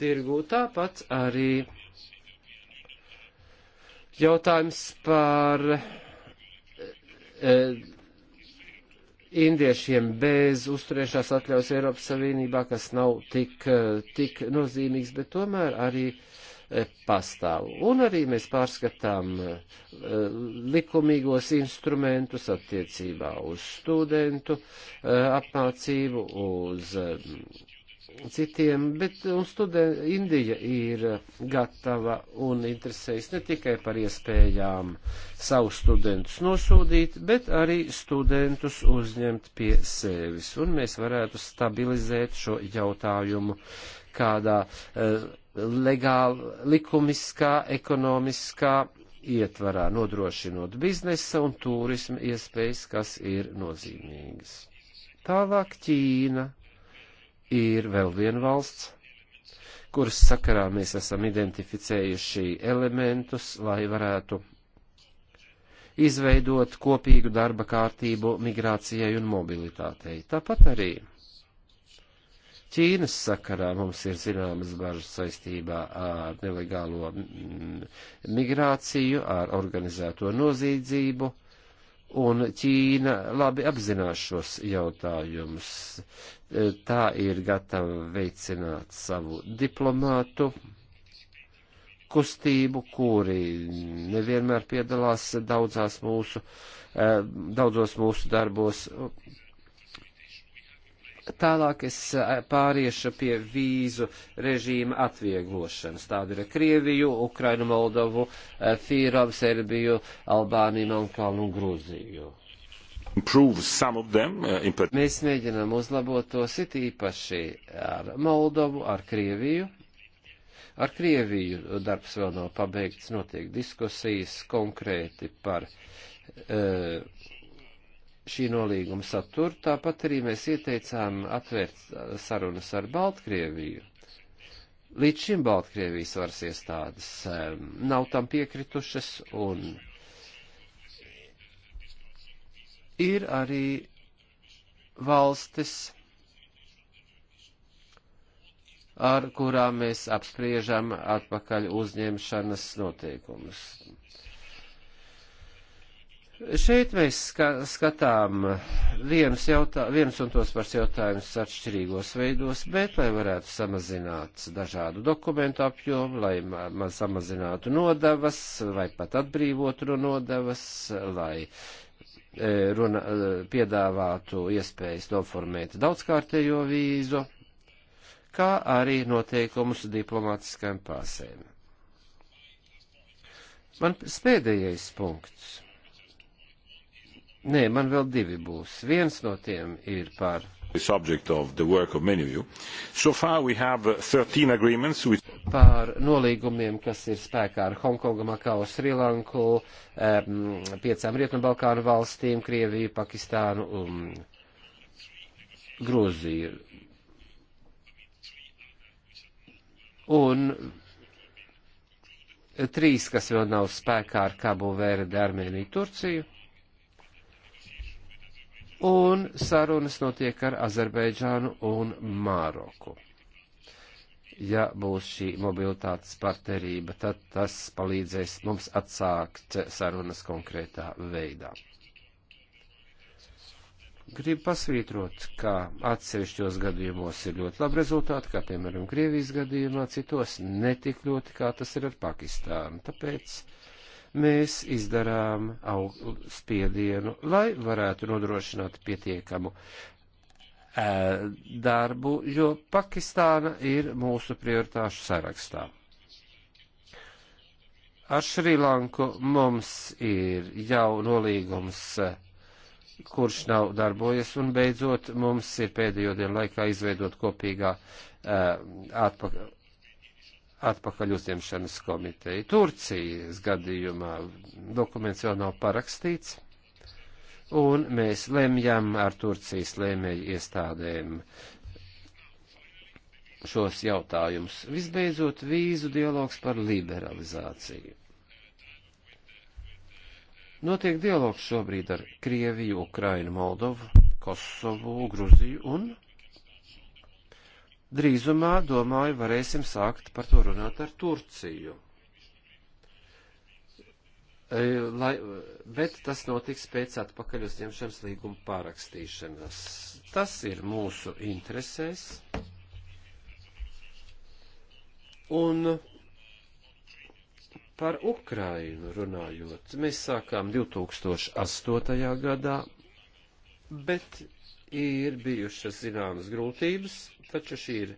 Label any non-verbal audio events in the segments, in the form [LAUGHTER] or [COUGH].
tirgū. Tāpat arī jautājums par e, indiešiem bez uzturēšanās atļaus Eiropas Savienībā, kas nav tik, e, tik nozīmīgs, bet tomēr arī e, pastāv. Un arī mēs pārskatām e, likumīgos instrumentus attiecībā uz studentu apmācību, uz citiem, bet studen, Indija ir gatava un interesējas ne tikai par iespējām savus studentus nosūdīt, bet arī studentus uzņemt pie sevis. Un mēs varētu stabilizēt šo jautājumu kādā uh, eh, legāla, likumiskā, ekonomiskā ietvarā, nodrošinot biznesa un turisma iespējas, kas ir nozīmīgas. Tālāk Ķīna ir vēl viena valsts, kuras sakarā mēs esam identificējuši elementus, lai varētu izveidot kopīgu darba kārtību migrācijai un mobilitātei. Tāpat arī Ķīnas sakarā mums ir zināmas bažas saistībā ar nelegālo migrāciju, ar organizēto nozīdzību un Ķīna labi apzinās šos jautājumus. E, tā ir gatava veicināt savu diplomātu kustību, kuri nevienmēr piedalās daudzās mūsu, e, daudzos mūsu darbos, Tālāk es eh, pāriešu pie vīzu režīma atvieglošanas. Tāda ir Krieviju, Ukrainu, Moldovu, eh, Fīrovu, Serbiju, Albāniju, Melnkalnu un Grūziju. Them, uh, Mēs mēģinām uzlabot tos it īpaši ar Moldovu, ar Krieviju. Ar Krieviju darbs vēl nav pabeigts, notiek diskusijas konkrēti par. Uh, šī nolīguma satura. Tāpat arī mēs ieteicām atvērt sarunas ar Baltkrieviju. Līdz šim Baltkrievijas varas iestādes nav tam piekritušas un ir arī valstis, ar kurām mēs apspriežam atpakaļ uzņemšanas noteikumus. Šeit mēs skatām vienus, jautā, vienus un tos pašus jautājumus atšķirīgos veidos, bet, lai varētu samazināt dažādu dokumentu apjomu, lai ma ma samazinātu nodevas, vai pat atbrīvotu no nodevas, lai e, runa, e, piedāvātu iespējas noformēt daudzkārtējo vīzu, kā arī noteikumus diplomātiskajām pāsēm. Man pēdējais punkts Nē, man vēl divi būs. Viens no tiem ir par. So far we have 13 uh, agreements with par nolīgumiem, kas ir spēkā ar Hongkongu, Makau, Srilanku, um, piecām Rietumbalkānu valstīm, Krieviju, Pakistānu un um, Grūziju. Un trīs, kas vēl nav spēkā ar Kabu Verde, Armēniju, Turciju un sarunas notiek ar Azerbaidžānu un Māroku. Ja būs šī mobilitātes partnerība, tad tas palīdzēs mums atsākt sarunas konkrētā veidā. Gribu pasvītrot, ka atsevišķos gadījumos ir ļoti labi rezultāti, kā piemēram Krievijas gadījumā, citos netik ļoti, kā tas ir ar Pakistānu. Tāpēc mēs izdarām spiedienu, lai varētu nodrošināt pietiekamu darbu, jo Pakistāna ir mūsu prioritāšu sarakstā. Ar Šrilanku mums ir jau nolīgums, kurš nav darbojies, un beidzot mums ir pēdējo dienu laikā izveidot kopīgā uh, atpakaļ atpakaļ uzņemšanas komiteju. Turcijas gadījumā dokuments vēl nav parakstīts, un mēs lemjam ar Turcijas lēmēju iestādēm šos jautājumus. Visbeidzot, vīzu dialogs par liberalizāciju. Notiek dialogs šobrīd ar Krieviju, Ukrainu, Moldovu, Kosovu, Gruziju un drīzumā, domāju, varēsim sākt par to runāt ar Turciju. E, lai, bet tas notiks pēc atpakaļ uzņemšanas līguma pārakstīšanas. Tas ir mūsu interesēs. Un par Ukrainu runājot, mēs sākām 2008. gadā, bet ir bijušas zināmas grūtības taču šī ir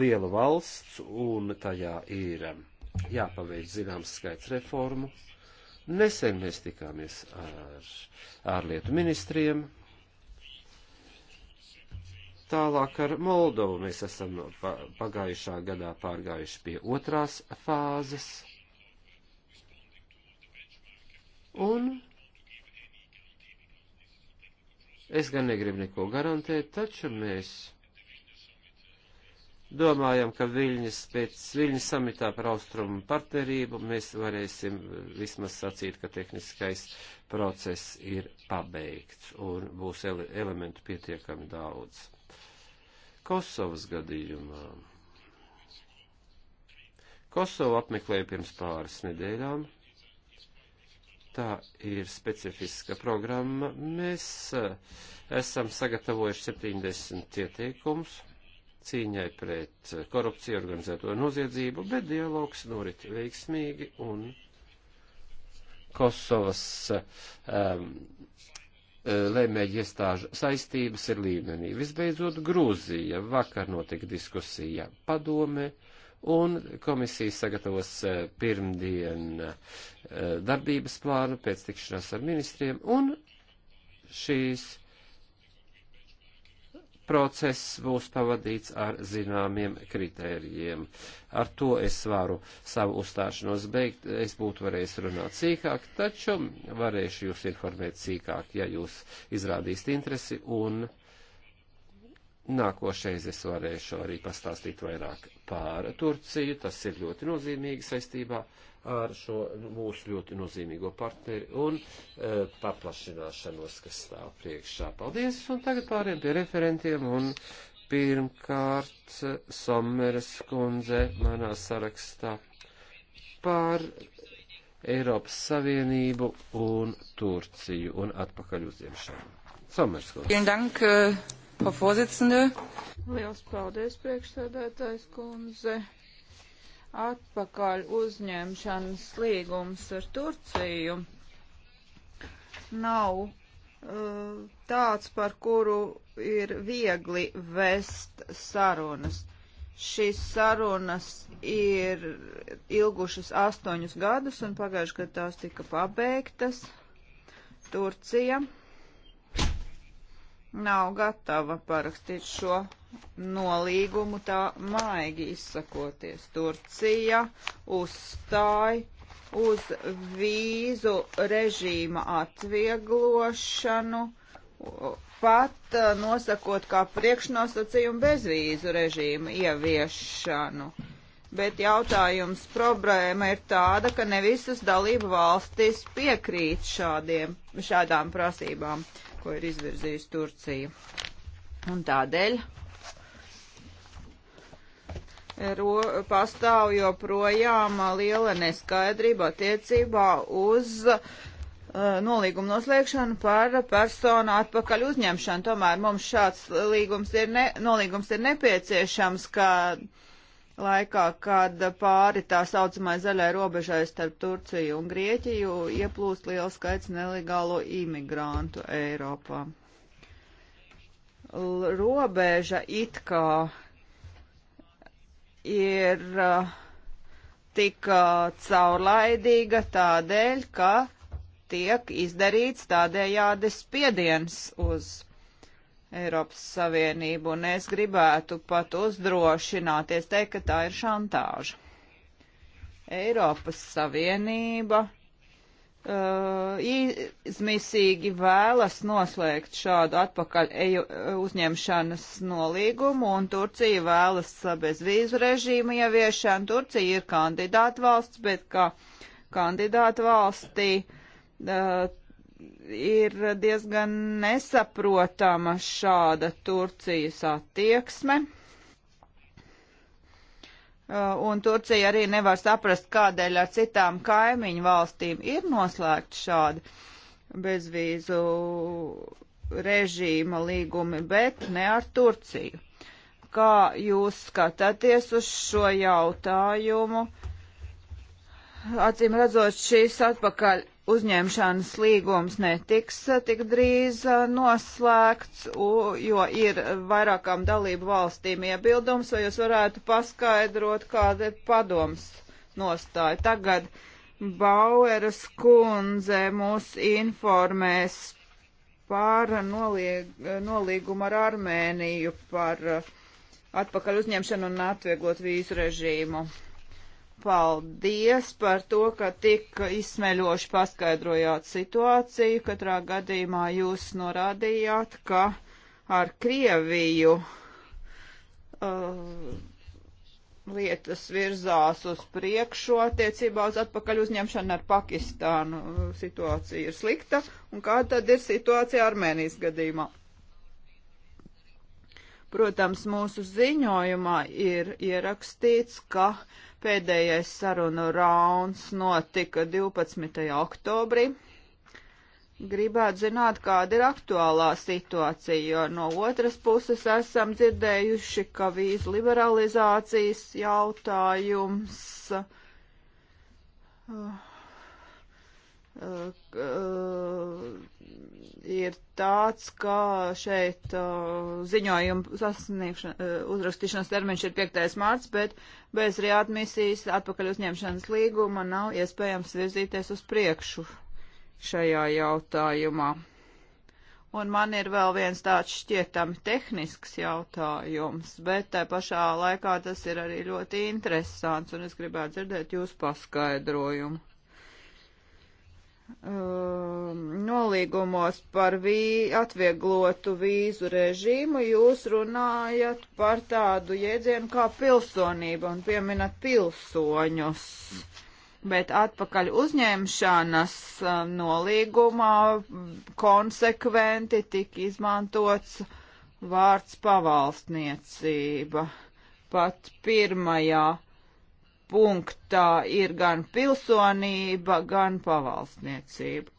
liela valsts un tajā ir jāpaveic zināms skaits reformu. Nesen mēs tikāmies ar ārlietu ministriem. Tālāk ar Moldovu mēs esam pagājušā gadā pārgājuši pie otrās fāzes. Un es gan negribu neko garantēt, taču mēs Domājam, ka Viļņas pēc Viļņas samitā par austrumu partnerību mēs varēsim vismaz sacīt, ka tehniskais process ir pabeigts un būs ele elementu pietiekami daudz. Kosovas gadījumā. Kosovu apmeklēju pirms pāris nedēļām. Tā ir specifiska programma. Mēs eh, esam sagatavojuši 70 ieteikumus cīņai pret korupciju, organizēto noziedzību, bet dialogs norit veiksmīgi un Kosovas um, lēmēji iestāžu saistības ir līmenī. Visbeidzot, Grūzija vakar notika diskusija padome un komisija sagatavos uh, pirmdien uh, darbības plānu pēc tikšanās ar ministriem un šīs process būs pavadīts ar zināmiem kritērijiem. Ar to es varu savu uzstāšanos beigt. Es būtu varējis runāt sīkāk, taču varēšu jūs informēt sīkāk, ja jūs izrādīsiet interesi, un nākošais es varēšu arī pastāstīt vairāk par Turciju. Tas ir ļoti nozīmīgi saistībā ar šo mūsu ļoti nozīmīgo partneri un e, paplašināšanos, kas stāv priekšā. Paldies, un tagad pāriem pie referentiem, un pirmkārt Someres kundze manā sarakstā par Eiropas Savienību un Turciju un atpakaļ uzņemšanu. Someres kundze. Äh, Liels paldies, priekšsēdētājs kundze atpakaļ uzņemšanas līgums ar Turciju nav uh, tāds, par kuru ir viegli vest sarunas. Šīs sarunas ir ilgušas astoņus gadus, un pagājušajā gadā tās tika pabeigtas. Turcija nav gatava parakstīt šo nolīgumu, tā maigi izsakoties. Turcija uzstāja uz vīzu režīma atvieglošanu, pat eh, nosakot kā priekšnosacījumu bezvīzu režīmu ieviešanu. Bet jautājums problēma ir tāda, ka ne visas dalību valstis piekrīt šādiem, šādām prasībām ko ir izvirzījusi Turcija. Un tādēļ ro, pastāv joprojām liela neskaidrība attiecībā uz uh, nolīgumu noslēgšanu par personu atpakaļ uzņemšanu. Tomēr mums šāds līgums ir, ne, nolīgums ir nepieciešams, ka uh, laikā, kad pāri tā saucamai zaļai robežai starp Turciju un Grieķiju ieplūst liels skaits nelegālo imigrantu Eiropā. L robeža it kā ir uh, tik uh, caurlaidīga tādēļ, ka tiek izdarīts tādējādi spiediens uz Eiropas Savienību, un es gribētu pat uzdrošināties teikt, ka tā ir šantāža. Eiropas Savienība uh, izmisīgi vēlas noslēgt šādu atpakaļ eju, uh, uzņemšanas nolīgumu, un Turcija vēlas bezvīzu režīmu ieviešanu. Turcija ir kandidāta valsts, bet kā kandidāta valstī uh, ir diezgan nesaprotama šāda Turcijas attieksme. Uh, un Turcija arī nevar saprast, kādēļ ar citām kaimiņu valstīm ir noslēgt šādi bezvīzu režīma līgumi, bet ne ar Turciju. Kā jūs skatāties uz šo jautājumu? Acīm redzot, šīs atpakaļ uzņemšanas līgums netiks eh, tik drīz eh, noslēgts, jo ir vairākām dalību valstīm iebildums, vai jūs varētu paskaidrot, kāda ir padoms nostāja. Tagad Baueras kundze mūs informēs par nolieg, nolīgumu ar Armēniju par eh, atpakaļ uzņemšanu un atvieglot vīzu režīmu paldies par to, ka tik izsmeļoši paskaidrojāt situāciju. Katrā gadījumā jūs norādījāt, ka ar Krieviju uh, lietas virzās uz priekšu attiecībā uz atpakaļ uzņemšanu ar Pakistānu. Uh, situācija ir slikta. Un kā tad ir situācija Armēnijas gadījumā? Protams, mūsu ziņojumā ir ierakstīts, ka Pēdējais sarunu rauns notika 12. oktobrī. Gribētu zināt, kāda ir aktuālā situācija, jo no otras puses esam dzirdējuši, ka vīzu liberalizācijas jautājums uh, uh, uh, ir tāds, ka šeit uh, ziņojuma sasniegšana, uh, uzrakstīšanas termiņš ir 5. mārts, bet bez readmisijas atpakaļ uzņemšanas līguma nav iespējams virzīties uz priekšu šajā jautājumā. Un man ir vēl viens tāds šķietami tehnisks jautājums, bet tai pašā laikā tas ir arī ļoti interesants, un es gribētu dzirdēt jūsu paskaidrojumu. Um, nolīgumos par vī, atvieglotu vīzu režīmu jūs runājat par tādu jēdzienu kā pilsonība un pieminat pilsoņus. Bet atpakaļ uzņemšanas um, nolīgumā konsekventi tik izmantots vārds pavalstniecība. Pat pirmajā punktā ir gan pilsonība, gan pavalsniecība.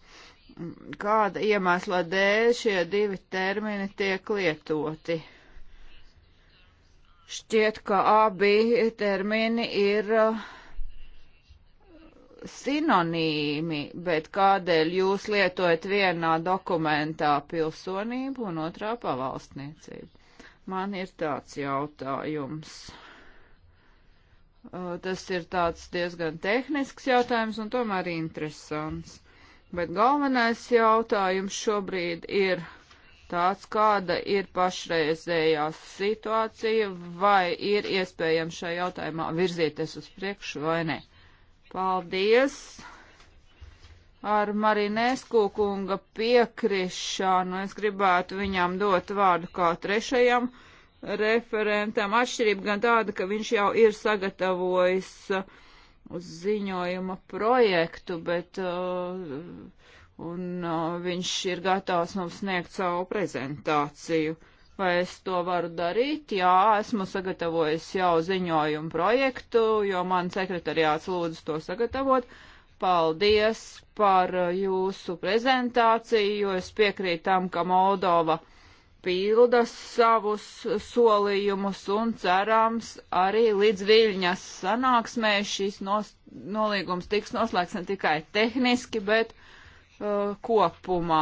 Kāda iemesla dēļ šie divi termini tiek lietoti? Šķiet, ka abi termini ir uh, sinonīmi, bet kādēļ jūs lietojat vienā dokumentā pilsonību un otrā pavalsniecību? Man ir tāds jautājums. Uh, tas ir tāds diezgan tehnisks jautājums un tomēr interesants. Bet galvenais jautājums šobrīd ir tāds, kāda ir pašreizējā situācija, vai ir iespējams šajā jautājumā virzīties uz priekšu vai nē. Paldies! Ar Marinēsku kunga piekrišanu es gribētu viņam dot vārdu kā trešajam referentam. Atšķirība gan tāda, ka viņš jau ir sagatavojis uh, ziņojuma projektu, bet uh, un uh, viņš ir gatavs mums sniegt savu prezentāciju. Vai es to varu darīt? Jā, esmu sagatavojis jau ziņojumu projektu, jo man sekretariāts lūdzu to sagatavot. Paldies par jūsu prezentāciju, jo es piekrītu tam, ka Moldova uh, pilda savus solījumus un cerams arī līdz Viļņas sanāksmē šis nos, nolīgums tiks noslēgts ne tikai tehniski, bet uh, kopumā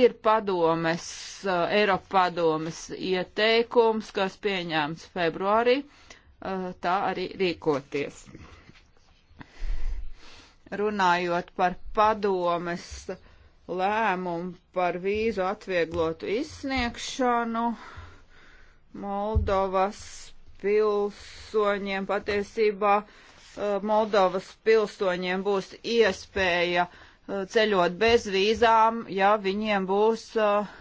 ir padomes, uh, Eiropa padomes ieteikums, kas pieņēmts februārī, uh, tā arī rīkoties. Runājot par padomes uh, lēmumu par vīzu atvieglotu izsniegšanu Moldovas pilsoņiem. Patiesībā eh, Moldovas pilsoņiem būs iespēja eh, ceļot bez vīzām, ja viņiem būs eh,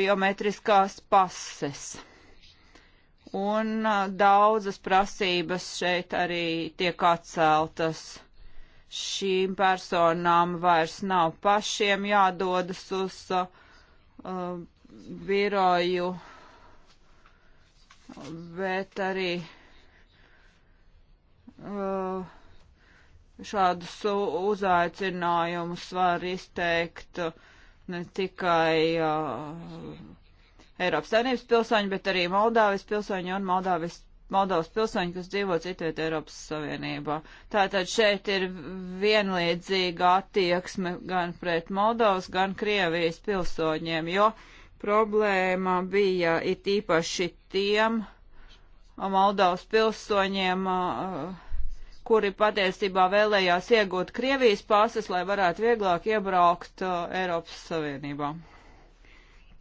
biometriskās pases. Un daudzas prasības šeit arī tiek atceltas šīm personām vairs nav pašiem jādodas uz uh, biroju, bet arī uh, šādus uzaicinājumus var izteikt ne tikai uh, Eiropas Savienības pilsoņi, bet arī Moldāvijas pilsoņi un Moldāvijas Moldovas pilsoņi, kas dzīvo citviet Eiropas Savienībā. Tātad šeit ir vienlīdzīga attieksme gan pret Moldovas, gan Krievijas pilsoņiem, jo problēma bija it īpaši tiem Moldovas pilsoņiem, kuri patiesībā vēlējās iegūt Krievijas pases, lai varētu vieglāk iebraukt Eiropas Savienībā.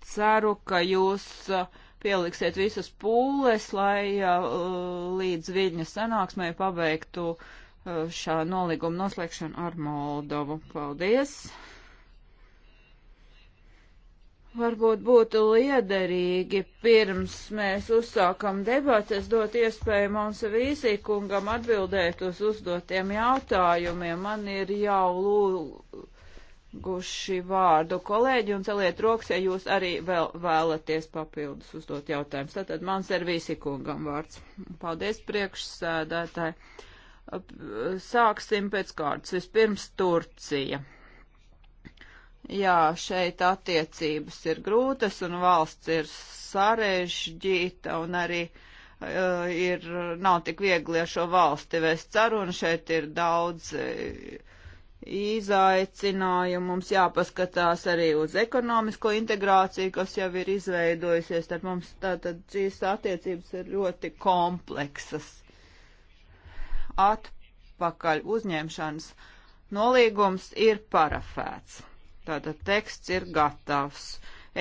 Ceru, ka jūs uh, pieliksiet visas pūles, lai uh, līdz Viļņa sanāksmē pabeigtu uh, šā nolīguma noslēgšanu ar Moldovu. Paldies! Varbūt būtu liederīgi, pirms mēs uzsākam debates, dot iespēju mums vīzī kungam atbildēt uz uzdotiem jautājumiem. Man ir jau lūdzu guši vārdu kolēģi un celiet rokas, ja jūs arī vēl vēlaties papildus uzdot jautājumus. Tātad man servīsi kungam vārds. Paldies priekšsēdētāji. Sāksim pēc kārtas. Vispirms Turcija. Jā, šeit attiecības ir grūtas un valsts ir sarežģīta un arī uh, ir, nav tik viegli ar šo valsti vēst ceru un šeit ir daudz. Uh, izaicinājumu. Mums jāpaskatās arī uz ekonomisko integrāciju, kas jau ir izveidojusies. Tad mums tātad šīs attiecības ir ļoti kompleksas. Atpakaļ uzņemšanas nolīgums ir parafēts. Tātad teksts ir gatavs.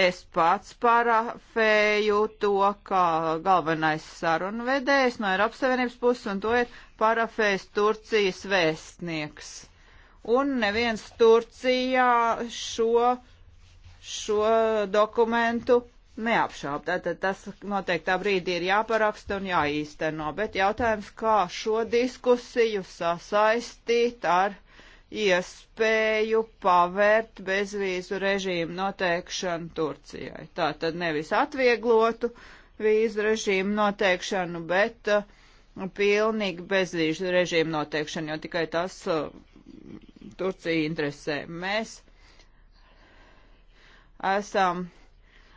Es pats parafēju to, kā galvenais sarunvedējs no Eiropas Savienības puses, un to ir parafējis Turcijas vēstnieks un neviens Turcijā šo, šo dokumentu neapšāp. Tātad tas noteiktā brīdī ir jāparaksta un jāīsteno, bet jautājums, kā šo diskusiju sasaistīt ar iespēju pavērt bezvīzu režīmu noteikšanu Turcijai. Tātad nevis atvieglotu vīzu režīmu noteikšanu, bet uh, pilnīgi bezvīzu režīmu noteikšanu, jo tikai tas uh, Turcija interesē. Mēs esam,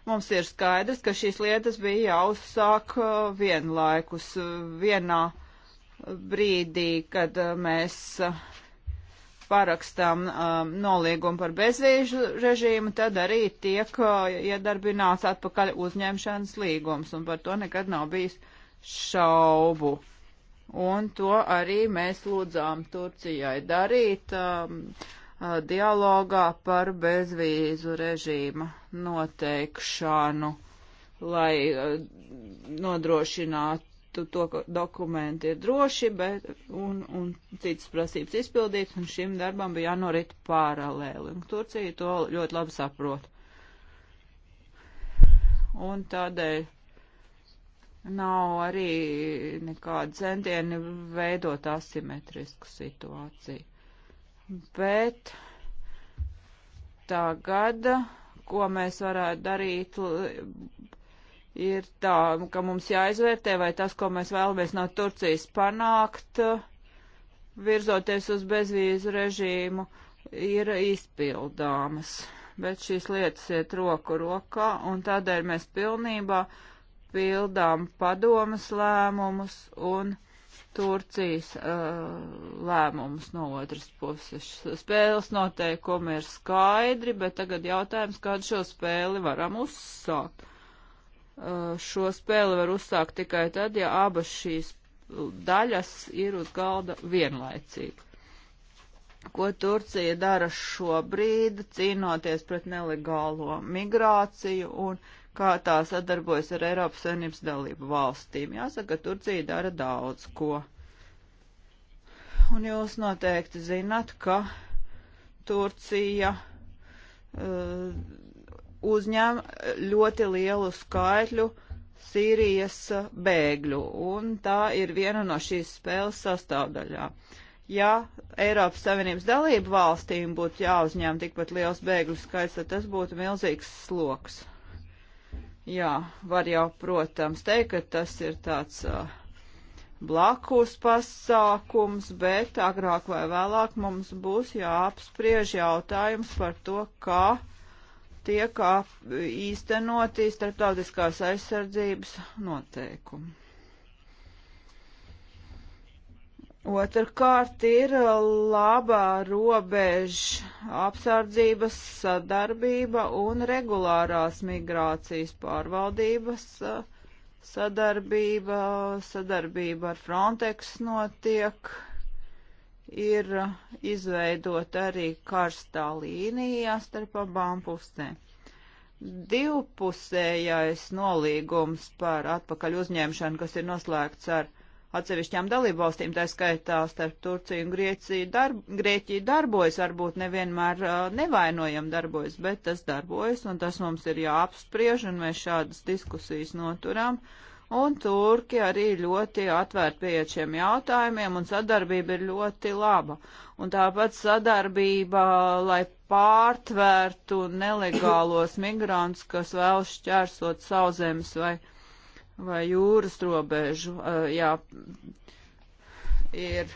mums ir skaidrs, ka šīs lietas bija jāuzsāk uh, vienlaikus uh, vienā brīdī, kad uh, mēs parakstām um, noliegumu par bezvīžu režīmu, tad arī tiek uh, iedarbināts atpakaļ uzņemšanas līgums, un par to nekad nav bijis šaubu. Uh, un to arī mēs lūdzām Turcijai darīt um, uh, dialogā par bezvīzu režīma noteikšanu, lai uh, nodrošinātu to, ka dokumenti ir droši, bet un, un citas prasības izpildītas, un šim darbam bija jānorit paralēli, un Turcija to ļoti labi saprot. Un tādēļ Nav arī nekāda centieni veidot asimetrisku situāciju. Bet tagad, ko mēs varētu darīt, ir tā, ka mums jāizvērtē, vai tas, ko mēs vēlamies no Turcijas panākt, virzoties uz bezvīzu režīmu, ir izpildāmas. Bet šīs lietas iet roku rokā, un tādēļ mēs pilnībā uh, pildām padomas lēmumus un Turcijas uh, lēmumus no otras puses. Spēles noteikumi ir skaidri, bet tagad jautājums, kādu šo spēli varam uzsākt. Uh, šo spēli var uzsākt tikai tad, ja abas šīs daļas ir uz galda vienlaicīgi ko Turcija dara šobrīd, cīnoties pret nelegālo migrāciju un kā tā sadarbojas ar Eiropas Savienības dalību valstīm. Jāsaka, Turcija dara daudz ko. Un jūs noteikti zinat, ka Turcija uh, uzņem ļoti lielu skaitļu Sīrijas bēgļu, un tā ir viena no šīs spēles sastāvdaļām. Uh, ja Eiropas Savienības dalību valstīm būtu jāuzņem tikpat liels bēgļu skaits, tad tas būtu milzīgs sloks. Jā, var jau, protams, teikt, ka tas ir tāds uh, blakus pasākums, bet agrāk vai vēlāk mums būs jāapspriež jautājums par to, kā tiek īstenoti starptautiskās aizsardzības noteikumi. Otrkārt ir uh, labā robeža apsardzības sadarbība un regulārās migrācijas pārvaldības uh, sadarbība, sadarbība ar Frontex notiek, ir uh, izveidot arī karstā līnijā starp abām pusēm. Divpusējais nolīgums par atpakaļ uzņemšanu, kas ir noslēgts ar atsevišķām dalībvalstīm, tā skaitā starp Turciju un Grieķiju, darb, Grieķiju darbojas, varbūt nevienmēr uh, nevainojam darbojas, bet tas darbojas, un tas mums ir jāapspriež, un mēs šādas diskusijas noturām. Un turki arī ļoti atvērti pieiet šiem jautājumiem, un sadarbība ir ļoti laba. Un tāpat sadarbība, lai pārtvērtu nelegālos migrantus, kas vēl šķērsot sauzemes vai vai jūras robežu. Jā, ir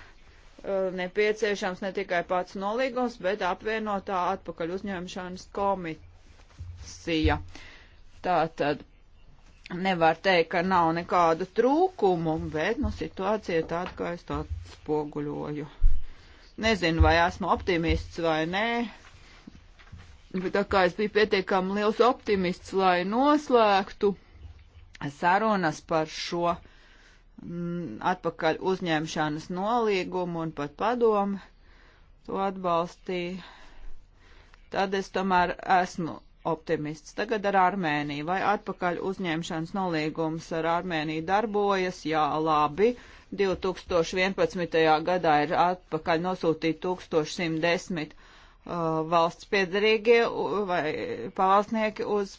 nepieciešams ne tikai pats nolīgums, bet apvienotā atpakaļ uzņemšanas komisija. Tātad nevar teikt, ka nav nekādu trūkumu, bet nu, situācija ir tāda, kā es to atspoguļoju. Nezinu, vai esmu optimists vai nē, bet tā kā es biju pietiekami liels optimists, lai noslēgtu sarunas par šo mm, atpakaļ uzņemšanas nolīgumu un pat padomu to atbalstīja. Tad es tomēr esmu optimists. Tagad ar Armēniju. Vai atpakaļ uzņemšanas nolīgums ar Armēniju darbojas? Jā, labi. 2011. gadā ir atpakaļ nosūtīti 1110 uh, valsts piedarīgie vai pavalsnieki uz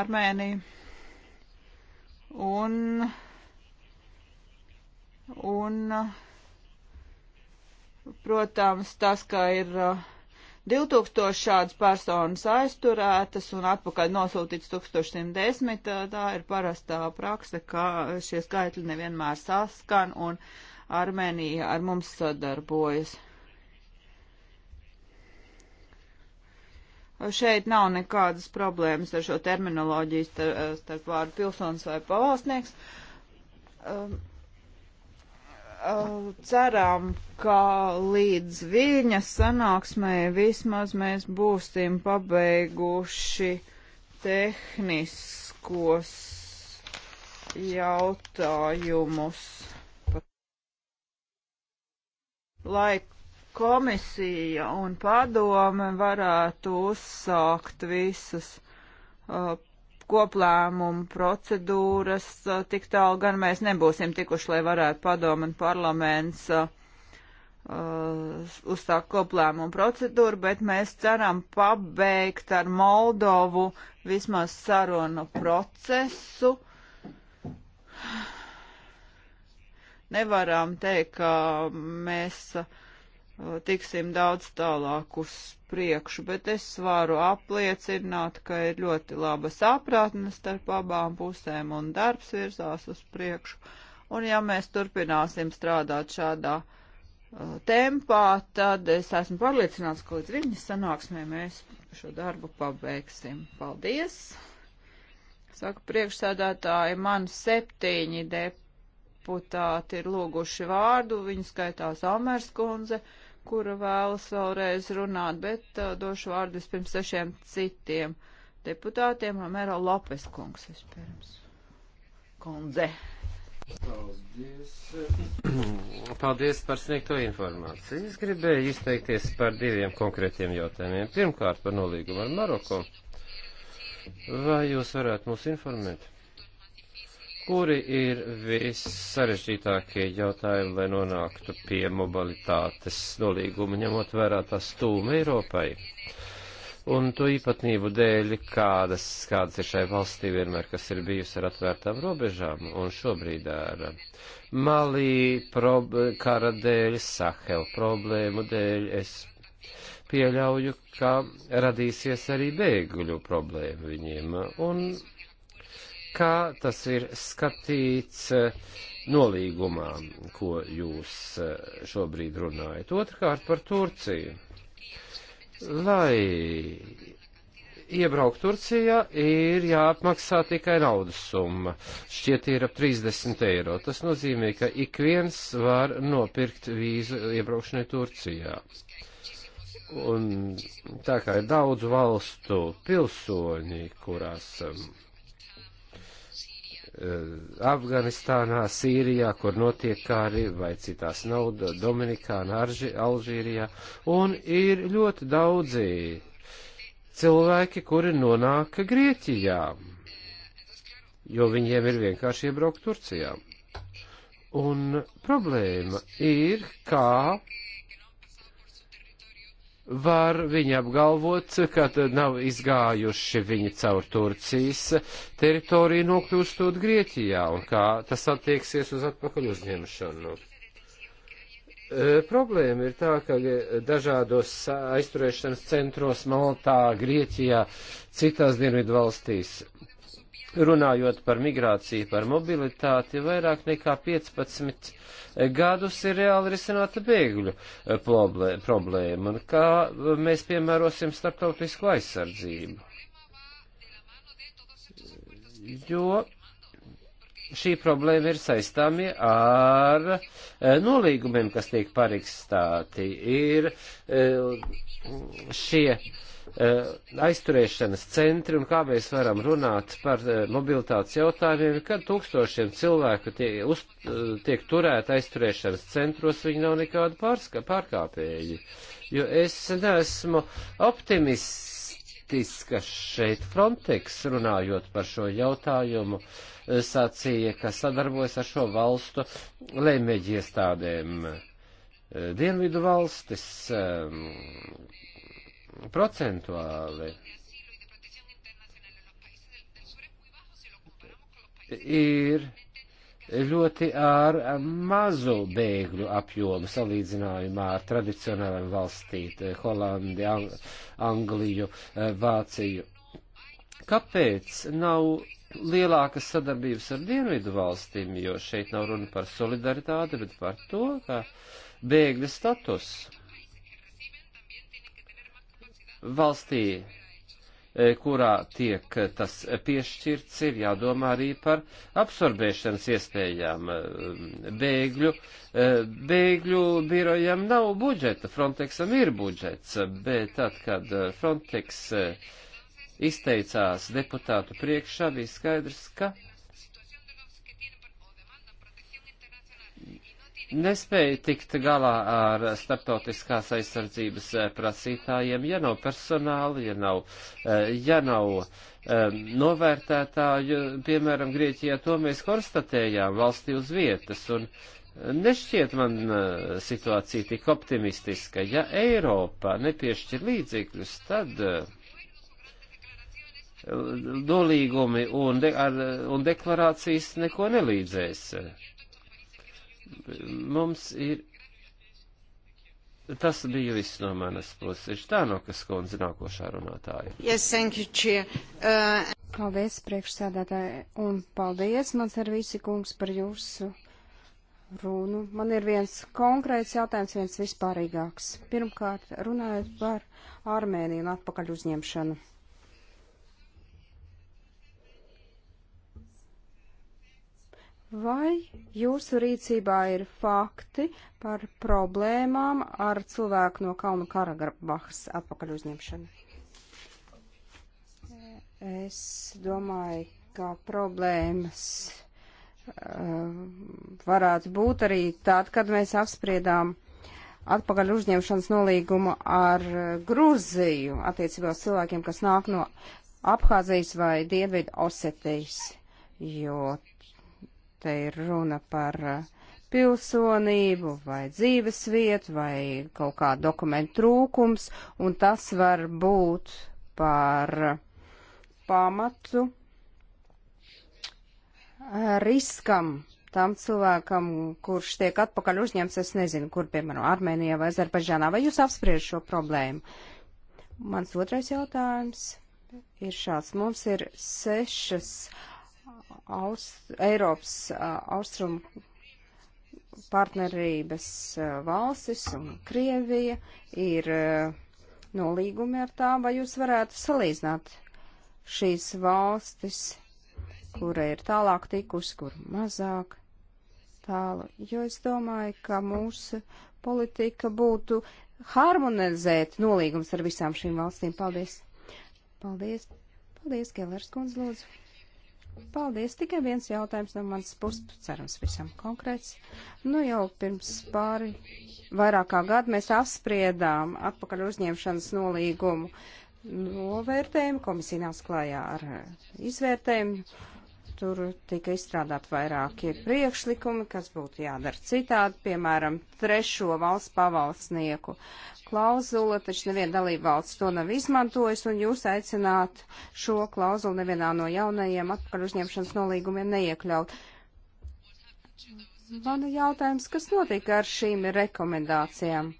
Armēniju un, un, protams, tas, ka ir 2000 uh, šādas personas aizturētas un atpakaļ nosūtīts 1110, uh, tā ir parastā prakse, ka šie skaitļi nevienmēr saskan un Armēnija ar mums sadarbojas. Šeit nav nekādas problēmas ar šo terminoloģiju starp, starp vārdu pilsonis vai pavalsnieks. Um, ceram, ka līdz viņa sanāksmē vismaz mēs būsim pabeiguši tehniskos jautājumus. Lai komisija un padome varētu uzsākt visas uh, koplēmumu procedūras, uh, tik tālu gan mēs nebūsim tikuši, lai varētu padome un parlaments uh, uh uzsākt koplēmumu procedūru, bet mēs ceram pabeigt ar Moldovu vismaz sarunu procesu nevaram teikt, ka mēs tiksim daudz tālāk uz priekšu, bet es varu apliecināt, ka ir ļoti laba saprātne starp abām pusēm un darbs virzās uz priekšu. Un ja mēs turpināsim strādāt šādā uh, tempā, tad es esmu pārliecināts, ka līdz viņas sanāksmē mēs šo darbu pabeigsim. Paldies! Saka priekšsēdētāji, man septiņi deputāti ir lūguši vārdu, viņu skaitās Amers kundze. Uh, kura vēlas vēlreiz runāt, bet uh, došu vārdu vispirms sešiem citiem deputātiem. Romero Lopes kungs vispirms. Kundze. Paldies. [CLEARS THROAT] Paldies par sniegto informāciju. Es gribēju izteikties par diviem konkrētiem jautājumiem. Pirmkārt, par nolīgumu ar Maroku. Vai jūs varētu mūs informēt? kuri ir vissarežģītākie jautājumi, lai nonāktu pie mobilitātes nolīguma, ņemot vērā tā stūma Eiropai. Un to īpatnību dēļ, kādas, kādas ir šai valstī vienmēr, kas ir bijusi ar atvērtām robežām un šobrīd ar Malī prob kara dēļ, Sahel problēmu dēļ, es pieļauju, ka radīsies arī bēgļu problēma viņiem. Un kā tas ir skatīts eh, nolīgumā, ko jūs eh, šobrīd runājat. Otrkārt par Turciju. Lai iebraukt Turcijā, ir jāapmaksā tikai naudas summa. Šķiet, ir ap 30 eiro. Tas nozīmē, ka ik viens var nopirkt vīzu iebraukšanai Turcijā. Un tā kā ir daudz valstu pilsoņi, kurās um, Eh, Afganistānā, Sīrijā, kur notiek kāri vai citās nauda, Dominikāna, Arži, Alžīrijā, un ir ļoti daudzi cilvēki, kuri nonāk Grieķijā, jo viņiem ir vienkārši iebraukt Turcijā. Un problēma ir, kā var viņi apgalvot, ka nav izgājuši viņi caur Turcijas teritoriju nokļūstot Grieķijā un kā tas attieksies uz atpakaļ uzņemšanu. E, problēma ir tā, ka e, dažādos aizturēšanas centros Maltā, Grieķijā, citās dienvidu valstīs runājot par migrāciju, par mobilitāti, vairāk nekā 15 gadus ir reāli risināta bēgļu eh, problēma, un kā mēs piemērosim starptautisko aizsardzību. Jo šī problēma ir saistāmi ar e, nolīgumiem, kas tiek parakstāti. Ir e, šie Eh, aizturēšanas centri un kā mēs varam runāt par eh, mobilitātes jautājumiem, kad tūkstošiem cilvēku tie, uz, eh, tiek turēti aizturēšanas centros, viņi nav nekādu pārska, pārkāpēji. Jo es neesmu optimistiska šeit Frontex runājot par šo jautājumu sacīja, ka sadarbojas ar šo valstu lēmēģiestādēm. Dienvidu valstis, procentuāli ir ļoti ar mazu bēgļu apjomu salīdzinājumā ar tradicionālām valstīm eh, - Holandi, Angliju, eh, Vāciju. Kāpēc nav lielākas sadarbības ar dienvidu valstīm, jo šeit nav runa par solidaritāti, bet par to, ka bēgļa status Valstī, e, kurā tiek tas piešķirts, ir jādomā arī par absorbēšanas iespējām. E, bēgļu, e, bēgļu birojam nav budžeta, Frontexam ir budžets, bet tad, kad Frontex izteicās deputātu priekšā, bija skaidrs, ka nespēja tikt galā ar starptautiskās aizsardzības eh, prasītājiem, ja nav personāla, ja nav, eh, ja nav eh, novērtētāju, piemēram, Grieķijā to mēs konstatējām valstī uz vietas, un nešķiet man situācija tik optimistiska. Ja Eiropa nepiešķir līdzekļus, tad nolīgumi un, de, ar, un deklarācijas neko nelīdzēs. Mums ir. Tas bija viss no manas puses. Ir tā no kas kundze nākošā runātāja. Yes, thank you, chair. Uh... Paldies, priekšsēdētāji, un paldies, mans ar visi kungs, par jūsu runu. Man ir viens konkrēts jautājums, viens vispārīgāks. Pirmkārt, runājot par Armēniju un atpakaļ uzņemšanu. Vai jūsu rīcībā ir fakti par problēmām ar cilvēku no Kalnu Karagarbahas atpakaļ uzņemšanu? Es domāju, ka problēmas uh, varētu būt arī tad, kad mēs apspriedām atpakaļ uzņemšanas nolīgumu ar Gruziju attiecībā uz cilvēkiem, kas nāk no Abhāzijas vai Dienvidu Osetijas, jo te ir runa par eh, pilsonību vai dzīvesvietu vai kaut kādu dokumentu trūkums, un tas var būt par pamatu eh, riskam tam cilvēkam, kurš tiek atpakaļ uzņemts, es nezinu, kur, piemēram, Armēnijā vai Azerbaidžānā, vai jūs apspriež šo problēmu? Mans otrais jautājums ir šāds. Mums ir sešas Aust, Eiropas austrumu partnerības valstis un Krievija ir nolīgumi ar tām, vai jūs varētu salīdzināt šīs valstis, kura ir tālāk tikusi, kur mazāk tālu, jo es domāju, ka mūsu politika būtu harmonizēt nolīgums ar visām šīm valstīm. Paldies! Paldies! Paldies, Gelers kundze, lūdzu! Paldies, tikai viens jautājums no manas puses, cerams, visam konkrēts. Nu jau pirms pāri vairāk kā gadu mēs apspriedām atpakaļ uzņemšanas nolīgumu novērtējumu, komisija nāks klājā ar izvērtējumu Tur tika izstrādāt vairākie priekšlikumi, kas būtu jādara citādi, piemēram, trešo valsts pavalsnieku klauzula, taču neviena dalība valsts to nav izmantojusi, un jūs aicināt šo klauzulu nevienā no jaunajiem atpakaļ uzņemšanas nolīgumiem neiekļaut. Man ir jautājums, kas notika ar šīm rekomendācijām?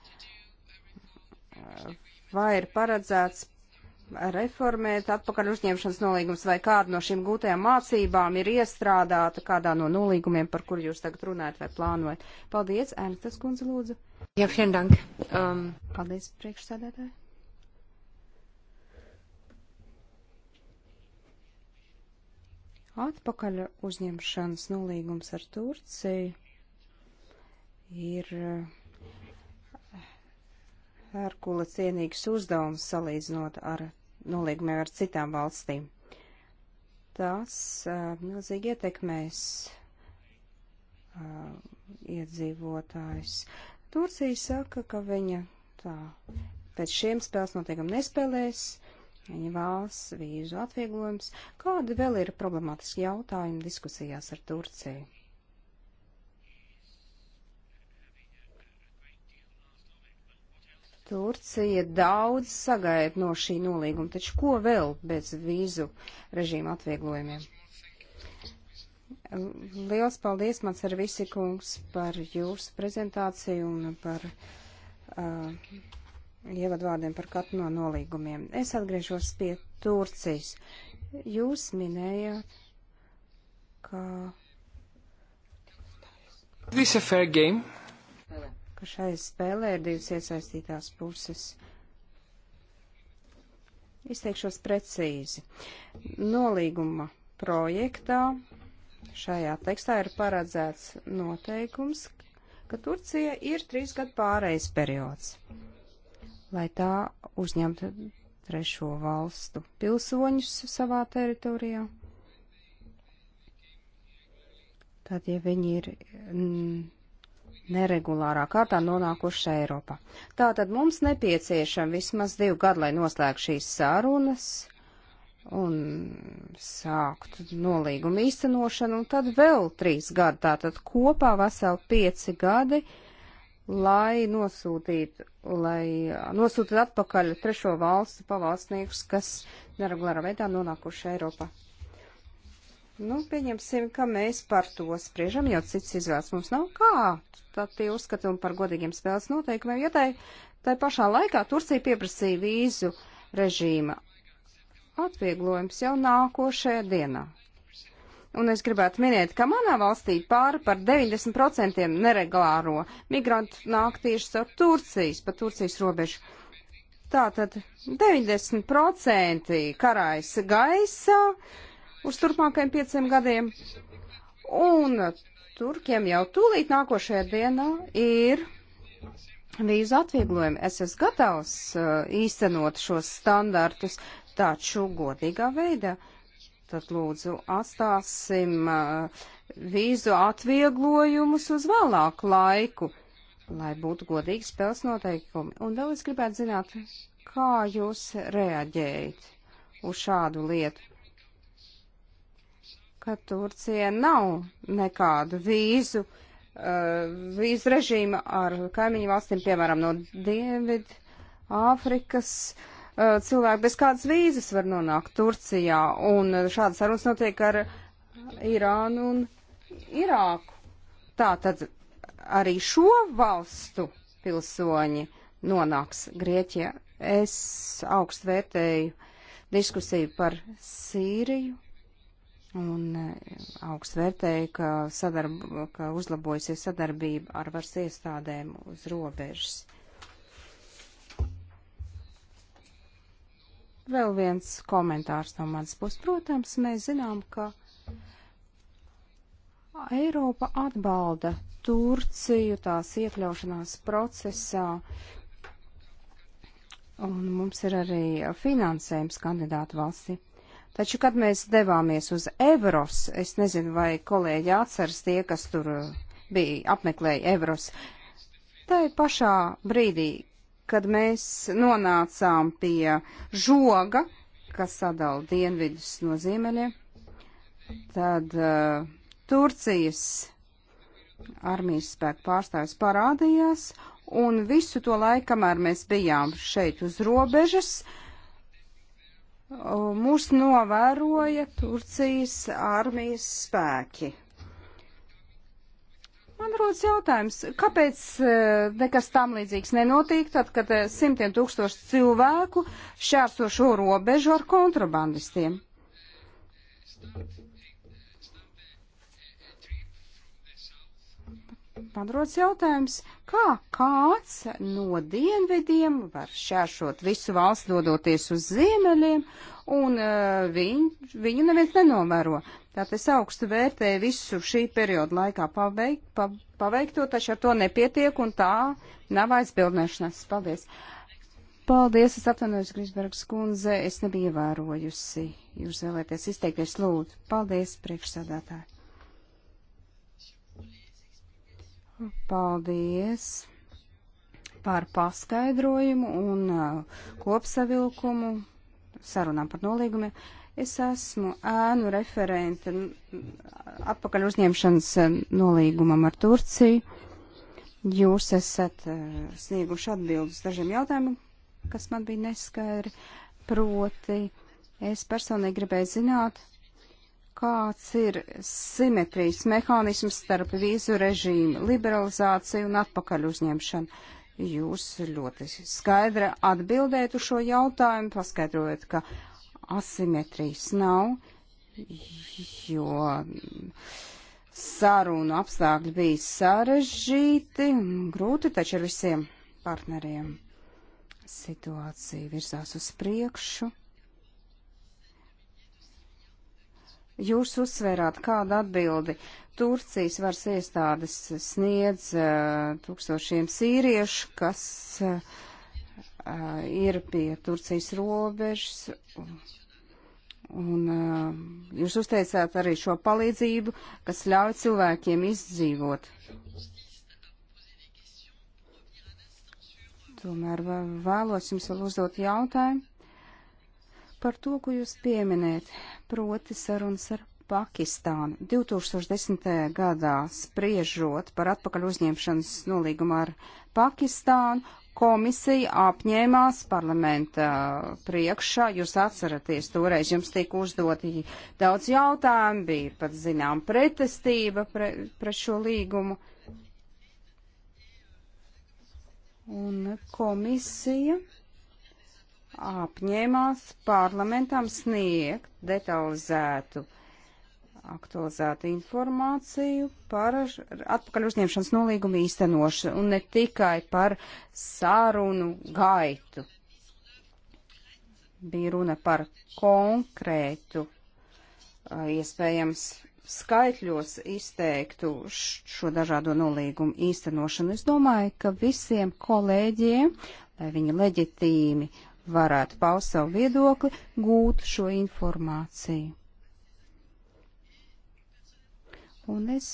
Vai ir paredzēts reformēt atpakaļ uzņemšanas nolīgums vai kādu no šīm gūtajām mācībām ir iestrādāta kādā no nolīgumiem, par kur jūs tagad runājat vai plānojat. Paldies, Ernstas kundze, lūdzu. Jā, ja, vielen dank. Um... Paldies, priekšsēdētāji. Atpakaļ uzņemšanas nolīgums ar Turciju ir uh, Herkula cienīgs uzdevums salīdzinot ar nolīgumiem ar citām valstīm. Tas uh, milzīgi ietekmēs uh, iedzīvotājs. Turcija saka, ka viņa tā pēc šiem spēles noteikumi nespēlēs, viņa valsts vīzu atvieglojums. Kādi vēl ir problemātiski jautājumi diskusijās ar Turciju? Turcija daudz sagaida no šī nolīguma, taču ko vēl bez vīzu režīma atvieglojumiem? Liels paldies, mans ar visi kungs, par jūsu prezentāciju un par uh, ievadvārdiem par katru no nolīgumiem. Es atgriežos pie Turcijas. Jūs minējāt, ka. This is a fair game. Well, ka šai spēlē ir divas iesaistītās puses. Izteikšos precīzi. Nolīguma projektā šajā tekstā ir paredzēts noteikums, ka Turcija ir trīs gadu pārējais periods, lai tā uzņemtu trešo valstu pilsoņus savā teritorijā. Tad, ja viņi ir mm, neregulārā kārtā nonākuši Eiropā. Tātad mums nepieciešama vismaz divi gadi, lai noslēgtu šīs sarunas un sāktu nolīgumu īstenošanu, un tad vēl trīs gadi, tātad kopā veseli pieci gadi, lai nosūtītu, lai nosūtītu atpakaļ trešo valstu pavalstniekus, kas neregulārā veidā nonākuši Eiropā. Nu, pieņemsim, ka mēs par to spriežam, jo cits izvēles mums nav kā. Tad tie uzskatījumi par godīgiem spēles noteikumiem, ja tai, tai pašā laikā Turcija pieprasīja vīzu režīma atvieglojums jau nākošajā dienā. Un es gribētu minēt, ka manā valstī pāri par 90% neregulāro migrantu nāk tieši caur Turcijas, pa Turcijas robežu. Tātad 90% karājas gaisā uz turpmākajiem pieciem gadiem. Un turkiem jau tūlīt nākošajā dienā ir vīzu atvieglojumi. Es esmu gatavs uh, īstenot šos standartus, taču godīgā veidā. Tad lūdzu atstāsim uh, vīzu atvieglojumus uz vēlāku laiku, lai būtu godīgi spēles noteikumi. Un vēl es gribētu zināt, kā jūs reaģējat uz šādu lietu ka Turcija nav nekādu vīzu, uh, vīzu režīma ar kaimiņu valstīm, piemēram, no Dienvidu Āfrikas. Uh, cilvēki bez kādas vīzas var nonākt Turcijā, un šādas sarunas notiek ar Irānu un Irāku. Tā tad arī šo valstu pilsoņi nonāks Grieķijā. Es augstu vērtēju diskusiju par Sīriju Un eh, augstu vērtēju, ka, sadarb, ka uzlabojusies sadarbība ar varas iestādēm uz robežas. Vēl viens komentārs no manas puses. Protams, mēs zinām, ka Eiropa atbalda Turciju tās iekļaušanās procesā, un mums ir arī finansējums kandidātu valsti Taču, kad mēs devāmies uz Evros, es nezinu, vai kolēģi atceras tie, kas tur uh, bija apmeklēja Evros, tā ir pašā brīdī, kad mēs nonācām pie žoga, kas sadala dienvidus no ziemeļiem, tad uh, Turcijas armijas spēku pārstāvis parādījās, un visu to laiku, kamēr mēs bijām šeit uz robežas, uh, mūs novēroja Turcijas armijas spēki. Man rodas jautājums, kāpēc e, nekas tam līdzīgs nenotiek, tad, kad e, simtiem tūkstoši cilvēku šķērso šo robežu ar kontrabandistiem? Stāsts. man rodas jautājums, kā kāds no dienvidiem var šķēršot visu valsts dodoties uz ziemeļiem, un uh, viņ, viņu neviens nenovēro. Tātad es augstu vērtēju visu šī perioda laikā paveik, pa, paveikto, taču ar to nepietiek, un tā nav aizbildnēšanās. Paldies! Paldies, es atvainojos, Grisbergs kundze, es nebiju ievērojusi. Jūs vēlēties izteikties lūdzu. Paldies, priekšsādātāji! Paldies par paskaidrojumu un uh, kopsavilkumu sarunām par nolīgumiem. Es esmu ēnu referente atpakaļ uzņemšanas uh, nolīgumam ar Turciju. Jūs esat uh, snieguši atbildus dažiem jautājumiem, kas man bija neskaidri. Proti, es personīgi gribēju zināt, kāds ir simetrijas mehānisms starp vīzu režīmu, liberalizāciju un atpakaļ uzņemšanu. Jūs ļoti skaidri atbildējat uz šo jautājumu, paskaidrojot, ka asimetrijas nav, jo sarunu apstākļi bija sarežģīti, grūti taču ar visiem partneriem. Situācija virzās uz priekšu Jūs uzsvērāt, kāda atbildi Turcijas varas iestādes sniedz uh, tūkstošiem sīriešu, kas uh, ir pie Turcijas robežas. Un uh, jūs uzteicāt arī šo palīdzību, kas ļauj cilvēkiem izdzīvot. Tomēr vēlos jums vēl uzdot jautājumu par to, ko jūs pieminēt, proti sarunas ar Pakistānu. 2010. gadā spriežot par atpakaļ uzņemšanas nolīgumu ar Pakistānu, komisija apņēmās parlamenta priekšā. Jūs atceraties, toreiz jums tika uzdoti daudz jautājumu, bija pat zinām pretestība pret pre šo līgumu. Un komisija apņēmās parlamentam sniegt detalizētu aktualizētu informāciju par atpakaļ uzņemšanas nolīgumu īstenošanu un ne tikai par sārunu gaitu. Bija runa par konkrētu, iespējams, skaitļos izteiktu šo dažādo nolīgumu īstenošanu. Es domāju, ka visiem kolēģiem, lai viņi leģitīmi varētu paust savu viedokli, gūt šo informāciju. Un es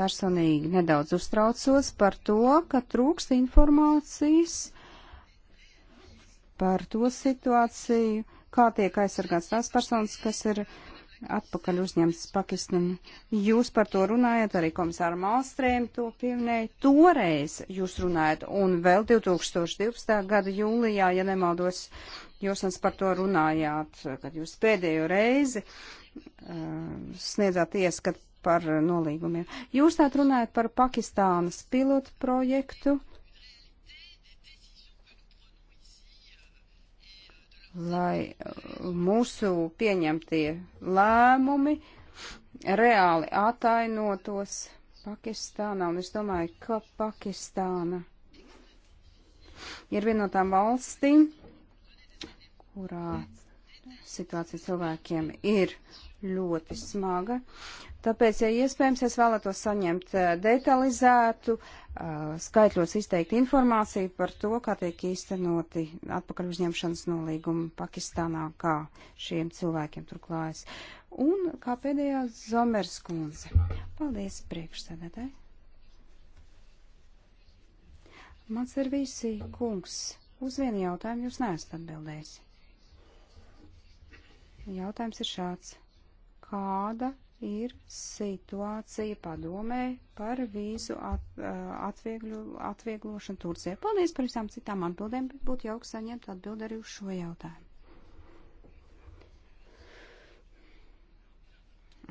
personīgi nedaudz uztraucos par to, ka trūkst informācijas par to situāciju, kā tiek aizsargāts tās personas, kas ir uh, atpakaļ uzņemts Pakistanu. Jūs par to runājat, arī komisāra Malstrēm to pieminēja. Toreiz jūs runājat, un vēl 2012. gada jūlijā, ja nemaldos, jūs mums par to runājāt, kad jūs pēdējo reizi uh, sniedzāt ieskat par nolīgumiem. Jūs tā runājat par Pakistānas pilotu projektu. Uh, lai uh, mūsu pieņemtie lēmumi reāli atainotos Pakistānā, un es domāju, ka Pakistāna ir viena no tām valstīm, kurā situācija cilvēkiem ir ļoti smaga. Tāpēc, ja iespējams, es vēlētos saņemt eh, detalizētu, eh, skaitļos izteikt informāciju par to, kā tiek īstenoti atpakaļ uzņemšanas nolīgumi Pakistānā, kā šiem cilvēkiem tur klājas. Un kā pēdējā Zomers kundze. Paldies priekšsēdētāji. Mans ir visi kungs. Uz vienu jautājumu jūs neesat atbildējis. Jautājums ir šāds kāda ir situācija padomē par vīzu at, atviegļu, atvieglošanu Turcijai. Paldies par visām citām atbildēm, bet būtu jauki saņemt atbildi arī uz šo jautājumu.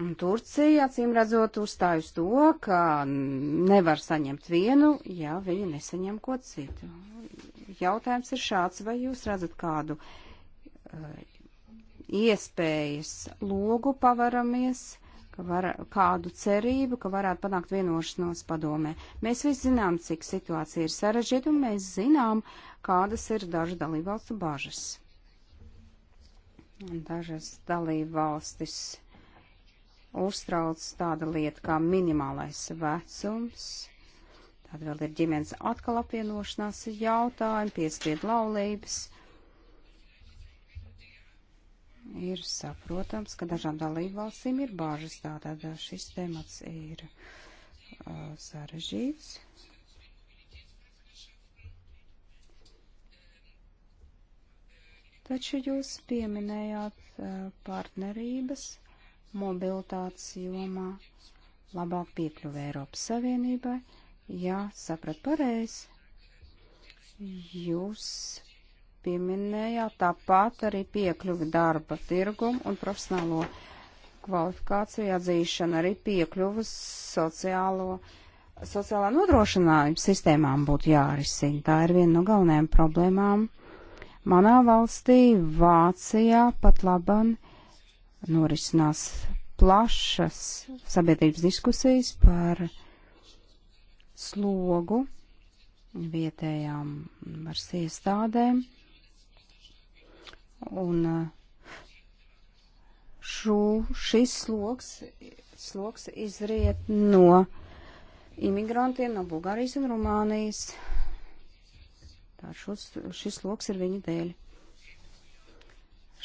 Un Turcija, acīm redzot, uzstājas to, ka nevar saņemt vienu, ja viņi nesaņem ko citu. Jautājums ir šāds, vai jūs redzat kādu uh, iespējas logu pavaramies, ka var, kādu cerību, ka varētu panākt vienošanos padomē. Mēs visi zinām, cik situācija ir sarežģīta, un mēs zinām, kādas ir dažu dalībvalstu bažas. Dažas dalībvalstis uztrauc tāda lieta kā minimālais vecums. Tad vēl ir ģimenes atkal apvienošanās jautājumi, piespiedu laulības. Uh, Ir saprotams, ka dažām dalībvalstīm ir bāžas tātad šis temats ir uh, sarežģīts. Taču jūs pieminējāt uh, partnerības mobilitātes jomā labāk piekļuvi Eiropas Savienībai. Jā, saprat pareizi. Jūs pieminējāt, tāpat arī piekļuvi darba tirgumu un profesionālo kvalifikāciju atzīšana, arī piekļuvas sociālo, sociālā nodrošinājuma sistēmām būtu jārisina. Tā ir viena no galvenajām problēmām. Manā valstī, Vācijā, pat laban norisinās plašas sabiedrības diskusijas par slogu vietējām varas iestādēm, Un eh, šo, šis sloks, sloks izriet no imigrantiem no Bulgārijas un Rumānijas. Tā šos, šis sloks ir viņa dēļ.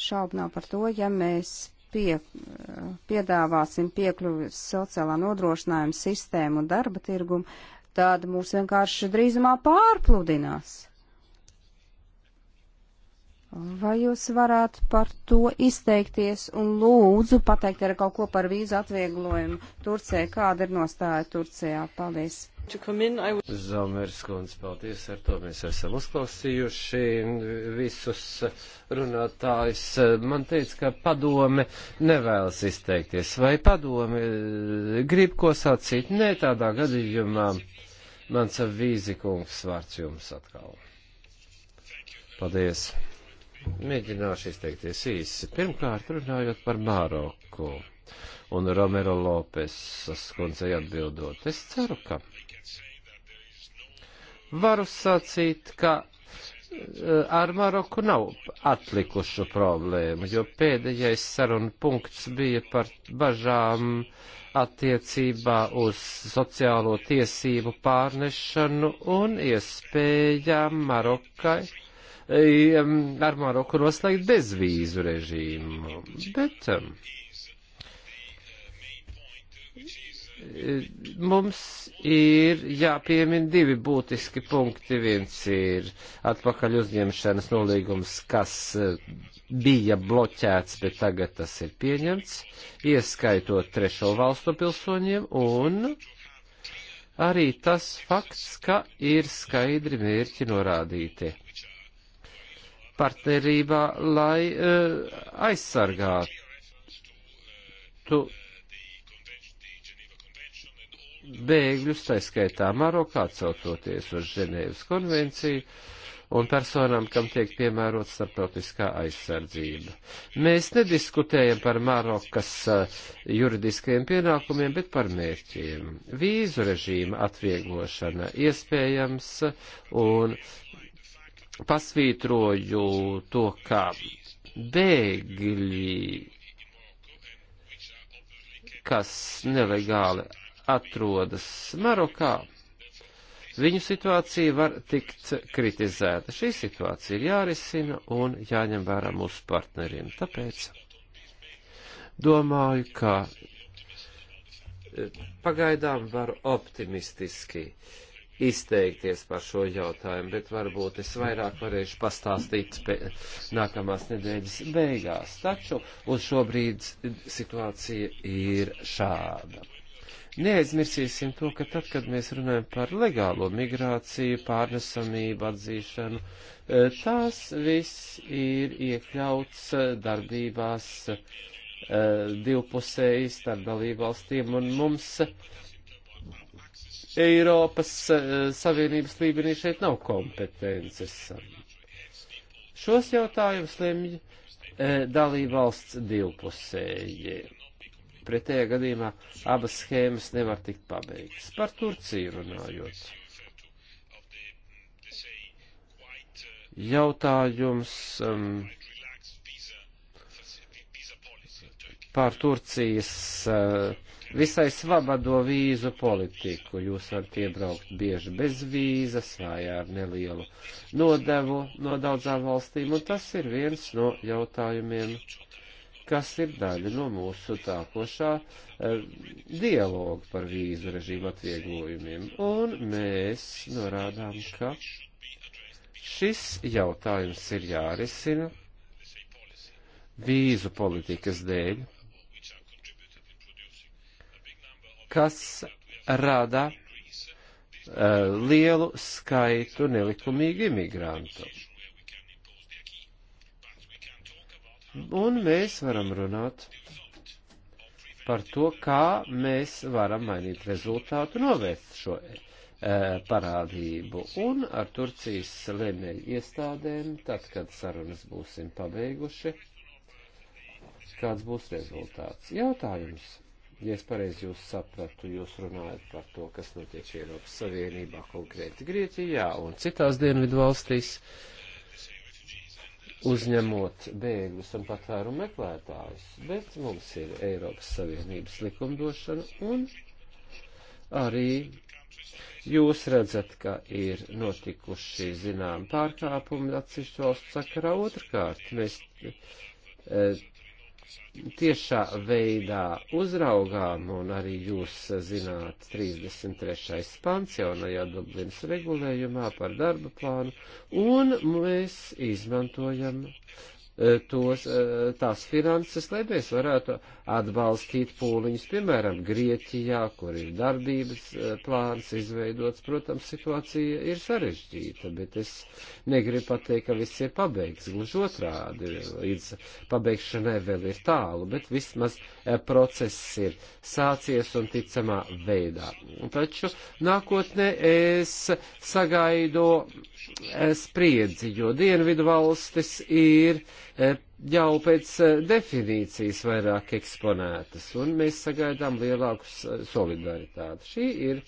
Šaubu nav par to, ja mēs pie, eh, piedāvāsim piekļuvi sociālā nodrošinājuma sistēmu un darba tirgumu, tad mūs vienkārši drīzumā pārpludinās. Vai jūs varētu par to izteikties un lūdzu pateikt arī kaut ko par vīzu atvieglojumu Turcijai? Kāda ir nostāja Turcijā? Paldies! Zomers kundze, paldies, ar to mēs esam uzklausījuši visus runātājus. Man teica, ka padome nevēlas izteikties, vai padome eh, grib ko sacīt. Nē, tādā gadījumā mans avīzi kungs vārds jums atkal. Paldies! Mēģināšu izteikties īsi. Pirmkārt, runājot par Māroku un Romero Lopesas kundzei atbildot. Es ceru, ka varu sacīt, ka eh, ar Maroku nav atlikušu problēmu, jo pēdējais saruna punkts bija par bažām attiecībā uz sociālo tiesību pārnešanu un iespējām Marokai ar Maroku noslēgt bezvīzu režīmu. Bet mums ir jāpiemina divi būtiski punkti. Viens ir atpakaļ uzņemšanas nolīgums, kas eh, bija bloķēts, bet tagad tas ir pieņemts, ieskaitot trešo valstu pilsoņiem, un arī tas fakts, ka ir skaidri mērķi norādīti partnerībā, lai uh, aizsargātu bēgļus, tā skaitā Marokā, celtoties uz Ženēvas konvenciju un personām, kam tiek piemērot starptautiskā aizsardzība. Mēs nediskutējam par Marokas eh, juridiskajiem pienākumiem, bet par mērķiem. Vīzu režīma atvieglošana iespējams un pasvītroju to, ka bēgļi, kas nelegāli atrodas Marokā, viņu situācija var tikt kritizēta. Šī situācija ir jārisina un jāņem vērā mūsu partneriem. Tāpēc domāju, ka pagaidām varu optimistiski uh, izteikties par šo jautājumu, bet varbūt es vairāk varēšu pastāstīt nākamās nedēļas beigās. Taču uz šo brīdi situācija ir šāda. Neaizmirsīsim to, ka tad, kad mēs runājam par legālo migrāciju, pārnesamību, atzīšanu, tās viss ir iekļauts darbībās eh, divpusēji starp dalībvalstīm, un mums Eiropas eh, Savienības līmenī šeit nav kompetences. Šos jautājumus lemj eh, dalībvalsts divpusēji. Pretējā gadījumā abas schēmas nevar tikt pabeigtas. Par Turciju runājot. Jautājums um, par Turcijas uh, visai svabado vīzu politiku. Jūs varat iebraukt bieži bez vīzas vai ar nelielu nodevu no daudzām valstīm, un tas ir viens no jautājumiem, kas ir daļa no mūsu tākošā eh, dialoga par vīzu režīmu atvieglojumiem. Un mēs norādām, ka šis jautājums ir jārisina vīzu politikas dēļ kas rada uh, lielu skaitu nelikumīgu imigrantu. Un mēs varam runāt par to, kā mēs varam mainīt rezultātu, novērst šo e, parādību. Un ar Turcijas lēmēju iestādēm, tad, kad sarunas būsim pabeiguši, kāds būs rezultāts? Jautājums. Ja es pareizi jūs sapratu, jūs runājat par to, kas notiek Eiropas Savienībā, konkrēti Grieķijā un citās dienvidu valstīs, uzņemot bēgļus un patvēru meklētājus, bet mums ir Eiropas Savienības likumdošana un arī jūs redzat, ka ir notikuši zinām pārkāpumi atsevišķu valstu sakarā otrkārt. Mēs, e, tiešā veidā uzraugām, un arī jūs zināt 33. pants jaunajā Dublinas regulējumā par darba plānu, un mēs izmantojam uh, E, tos, e, tās finanses, lai mēs varētu atbalstīt pūliņus, piemēram, Grieķijā, kur ir darbības e, plāns izveidots. Protams, situācija ir sarežģīta, bet es negribu pateikt, ka viss ir pabeigts. Gluži otrādi, līdz pabeigšanai vēl ir tālu, bet vismaz process ir sācies un ticamā veidā. Taču nākotnē es sagaidu spriedzi, jo dienvidu valstis ir Eh, jau pēc eh, definīcijas vairāk eksponētas, un mēs sagaidām lielāku eh, solidaritāti. Šī ir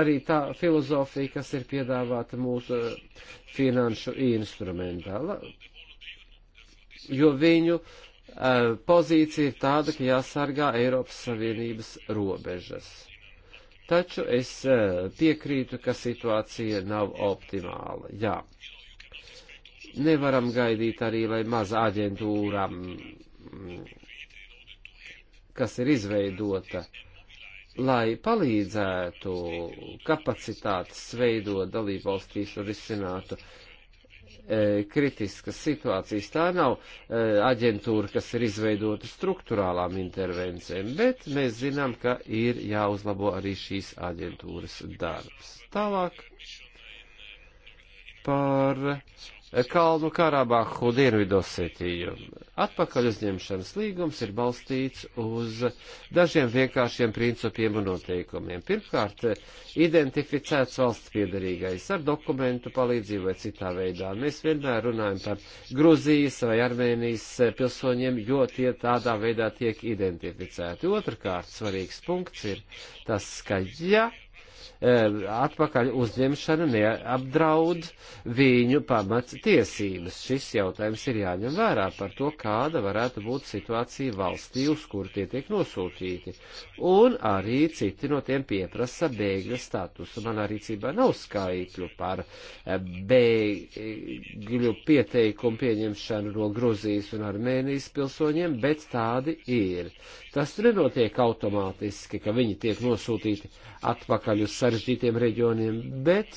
arī tā filozofija, kas ir piedāvāta mūsu finanšu instrumentā, jo viņu pozīcija ir tāda, ka jāsargā Eiropas Savienības robežas. Taču es piekrītu, ka situācija nav optimāla. Jā nevaram gaidīt arī, lai maza aģentūram, kas ir izveidota, lai palīdzētu kapacitātes veidot dalībvalstīs un risinātu e, kritiskas situācijas. Tā nav e, aģentūra, kas ir izveidota struktūrālām intervencijām, bet mēs zinām, ka ir jāuzlabo arī šīs aģentūras darbs. Tālāk par Kalnu Karabahu Dienvidosetiju. Atpakaļ uzņemšanas līgums ir balstīts uz dažiem vienkāršiem principiem un noteikumiem. Pirmkārt, identificēts valsts piedarīgais ar dokumentu palīdzību vai citā veidā. Mēs vienmēr runājam par Gruzijas vai Armēnijas pilsoņiem, jo tie tādā veidā tiek identificēti. Otrkārt, svarīgs punkts ir tas, ka ja Eh, atpakaļ uzņemšana neapdraud viņu pamats tiesības. Šis jautājums ir jāņem vērā par to, kāda varētu būt situācija valstī, uz kur tie tiek nosūtīti. Un arī citi no tiem pieprasa bēgļa statusu. Manā rīcībā nav skaitļu par eh, bēgļu pieteikumu pieņemšanu no Gruzijas un Armēnijas pilsoņiem, bet tādi ir. Tas nenotiek automātiski, ka viņi tiek nosūtīti atpakaļ uz sarežģītiem reģioniem, bet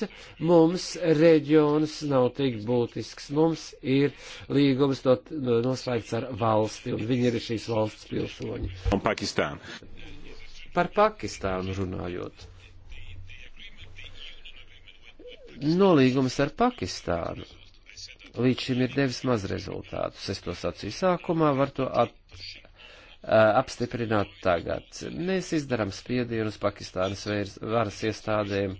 mums reģions nav tik būtisks. Mums ir līgums no, no, noslēgts ar valsti, un viņi ir šīs valsts pilsoņi. Un Pakistāna. Par Pakistānu runājot. Nolīgums ar Pakistānu līdz šim ir devis maz rezultātus. Es to sacīju sākumā, var to at Uh, apstiprināt tagad. Mēs izdarām spiedienu uz Pakistānas varas iestādēm,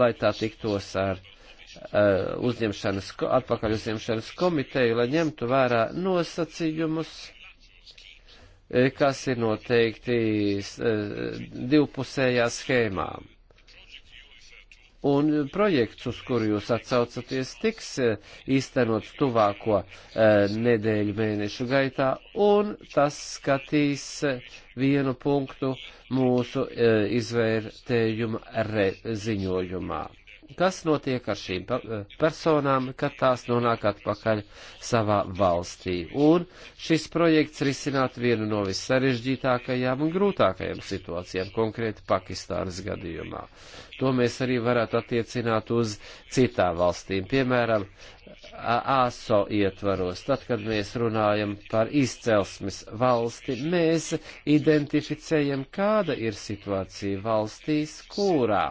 lai tā tiktos ar uh, uzņemšanas, atpakaļ uzņemšanas komiteju, lai ņemtu vērā nosacījumus, eh, kas ir noteikti uh, divpusējā schēmā. Un projekts, uz kuru jūs atsaucaties, tiks eh, īstenots tuvāko e, nedēļu mēnešu gaitā, un tas skatīs eh, vienu punktu mūsu e, izvērtējuma ziņojumā kas notiek ar šīm personām, kad tās nonāk atpakaļ savā valstī. Un šis projekts risināt vienu no vissarežģītākajām un grūtākajām situācijām, konkrēti Pakistānas gadījumā. To mēs arī varētu attiecināt uz citām valstīm, piemēram, ASO ietvaros. Tad, kad mēs runājam par izcelsmes valsti, mēs identificējam, kāda ir situācija valstīs, kurā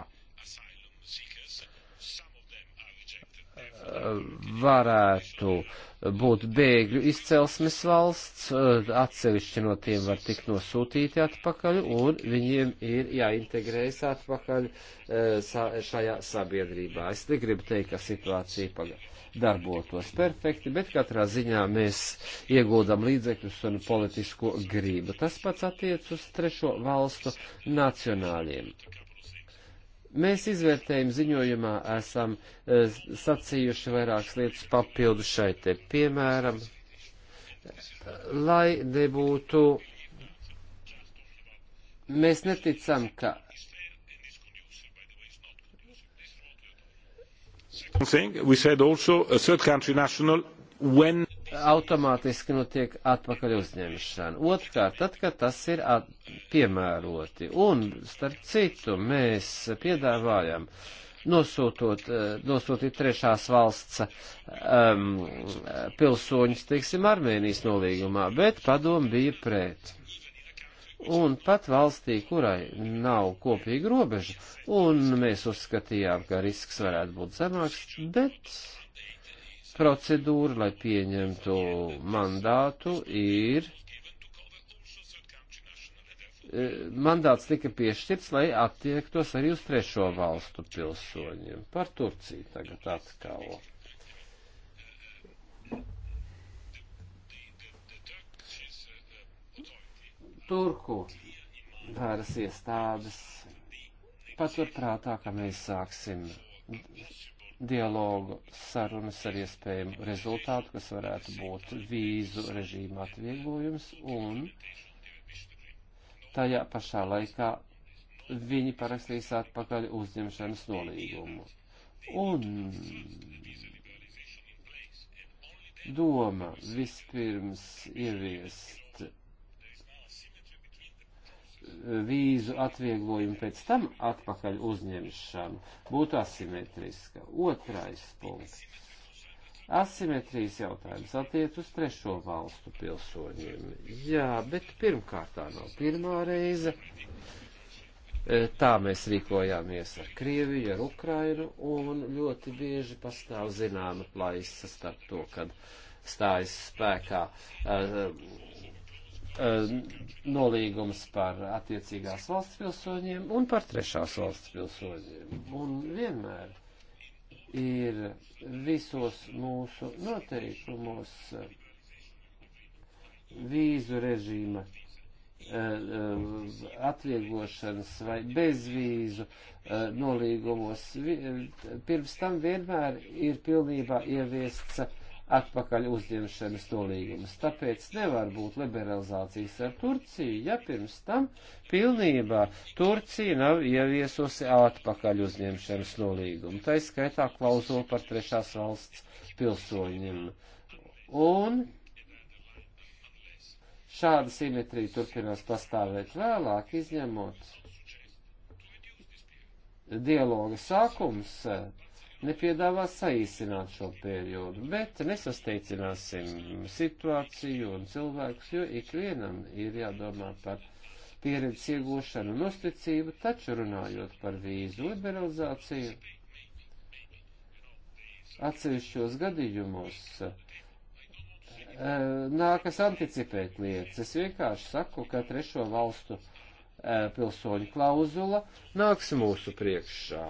varētu būt bēgļu izcelsmes valsts, eh, atsevišķi no tiem var tikt nosūtīti atpakaļ, un viņiem ir jāintegrējas atpakaļ eh, šajā sabiedrībā. Es negribu teikt, ka situācija darbotos perfekti, bet katrā ziņā mēs ieguldam līdzekļus un politisko grību. Tas pats attiec uz trešo valstu nacionāļiem. Mēs izvērtējumu ziņojumā esam e, sacījuši vairākas lietas papildu šai te. Piemēram, lai nebūtu, mēs neticam, ka. Thing. We said also a uh, third country national when automātiski notiek atpakaļ uzņemšana. Otrkārt, tad, kad tas ir piemēroti. Un, starp citu, mēs piedāvājam nosūtot, eh, nosūtīt trešās valsts um, pilsoņus, teiksim, Armēnijas nolīgumā, bet padomu bija pret. Un pat valstī, kurai nav kopīga robeža, un mēs uzskatījām, ka risks varētu būt zemāks, bet procedūra, lai pieņemtu mandātu, ir. E, mandāts tika piešķirts, lai attiektos arī uz trešo valstu pilsoņiem. Par Turciju tagad atkal. Turku varas iestādes paturprātā, ka mēs sāksim dialogu sarunas ar iespējamu rezultātu, kas varētu būt vīzu režīma atvieglojums, un tajā pašā laikā viņi parakstīs atpakaļ uzņemšanas nolīgumu. Un doma vispirms ieviest vīzu atvieglojumu pēc tam atpakaļ uzņemšanu būtu asimetriska. Otrais punkts. Asimetrijas jautājums attiec uz trešo valstu pilsoņiem. Jā, bet pirmkārtā nav pirmā reize. E, tā mēs rīkojāmies ar Krieviju, ar Ukrainu, un ļoti bieži pastāv zināma plaisa starp to, kad stājas spēkā uh, Eh, nolīgums par attiecīgās valsts pilsoņiem un par trešās valsts pilsoņiem. Un vienmēr ir visos mūsu noteikumos eh, vīzu režīma eh, atvieglošanas vai bezvīzu nolīgumos. Pirms tam vienmēr ir pilnībā ieviests atpakaļ uzņemšanas nolīgumus. Tāpēc nevar būt liberalizācijas ar Turciju, ja pirms tam pilnībā Turcija nav ieviesusi atpakaļ uzņemšanas nolīgumu. Tā izskaitā klauzulu par trešās valsts pilsoņiem. Un šāda simetrija turpinās pastāvēt vēlāk, izņemot dialoga sākums nepiedāvā saīsināt šo periodu, bet nesasteicināsim situāciju un cilvēkus, jo ikvienam ir jādomā par pieredzi iegūšanu un uzticību, taču runājot par vīzu liberalizāciju, atsevišķos gadījumos eh, nākas anticipēt lietas. Es vienkārši saku, ka trešo valstu eh, pilsoņu klauzula nāks mūsu priekšā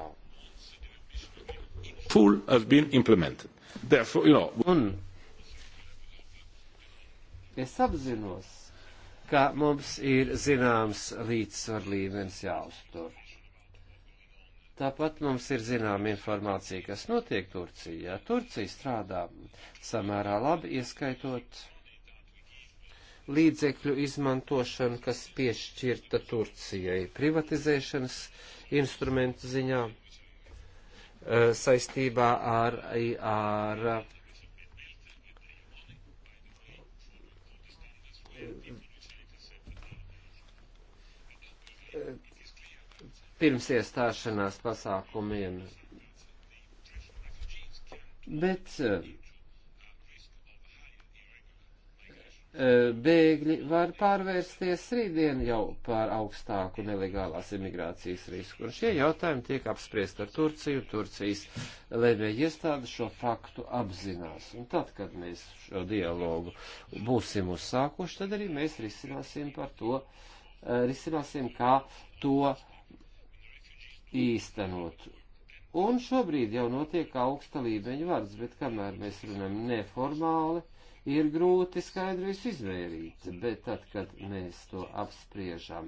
full has been implemented. Therefore, you know. Un es apzinos, ka mums ir zināms līdzsvar līmenis jāuztur. Tāpat mums ir zināma informācija, kas notiek Turcijā. Turcija strādā samērā labi, ieskaitot līdzekļu izmantošanu, kas piešķirta Turcijai privatizēšanas instrumentu ziņā. Eh, saistībā ar, ar eh, pirms iestāšanās pasākumiem. Bet uh, Eh, bēgļi var pārvērsties rītdien jau par augstāku nelegālās imigrācijas risku. Un šie jautājumi tiek apspriest ar Turciju. Turcijas lēmēja iestāde šo faktu apzinās. Un tad, kad mēs šo dialogu būsim uzsākuši, tad arī mēs risināsim par to, eh, risināsim, kā to īstenot. Un šobrīd jau notiek augsta līmeņa vārds, bet kamēr mēs runājam neformāli, ir grūti skaidri visu izmērīt, bet tad, kad mēs to apspriežam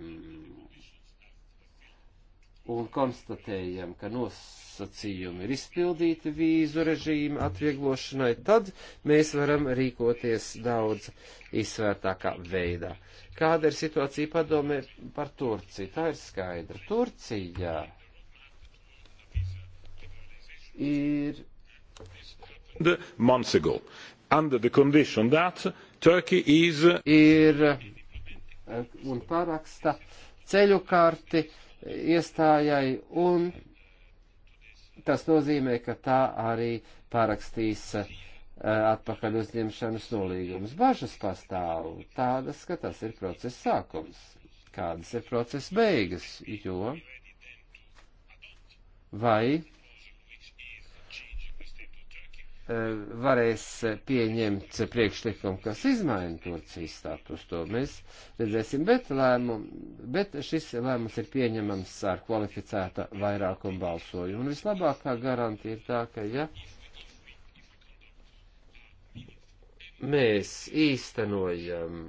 un konstatējam, ka nosacījumi ir izpildīti vīzu režīma atvieglošanai, tad mēs varam rīkoties daudz izsvērtākā veidā. Kāda ir situācija padomē par Turciju? Tā ir skaidra. Turcijā ir. The months ago, under the condition that Turkey is ir eh, un paraksta ceļu karti iestājai un tas nozīmē, ka tā arī parakstīs uh, atpakaļ uzņemšanas nolīgumus. Bažas pastāv tādas, ka tas ir procesa sākums. Kādas ir procesa beigas, jo vai Eh, varēs pieņemt priekšlikumu, kas izmaina Turcijas status, to mēs redzēsim, bet, lēmum, bet šis lēmums ir pieņemams ar kvalificēta vairākumu balsojumu. Un vislabākā garantija ir tā, ka, ja mēs īstenojam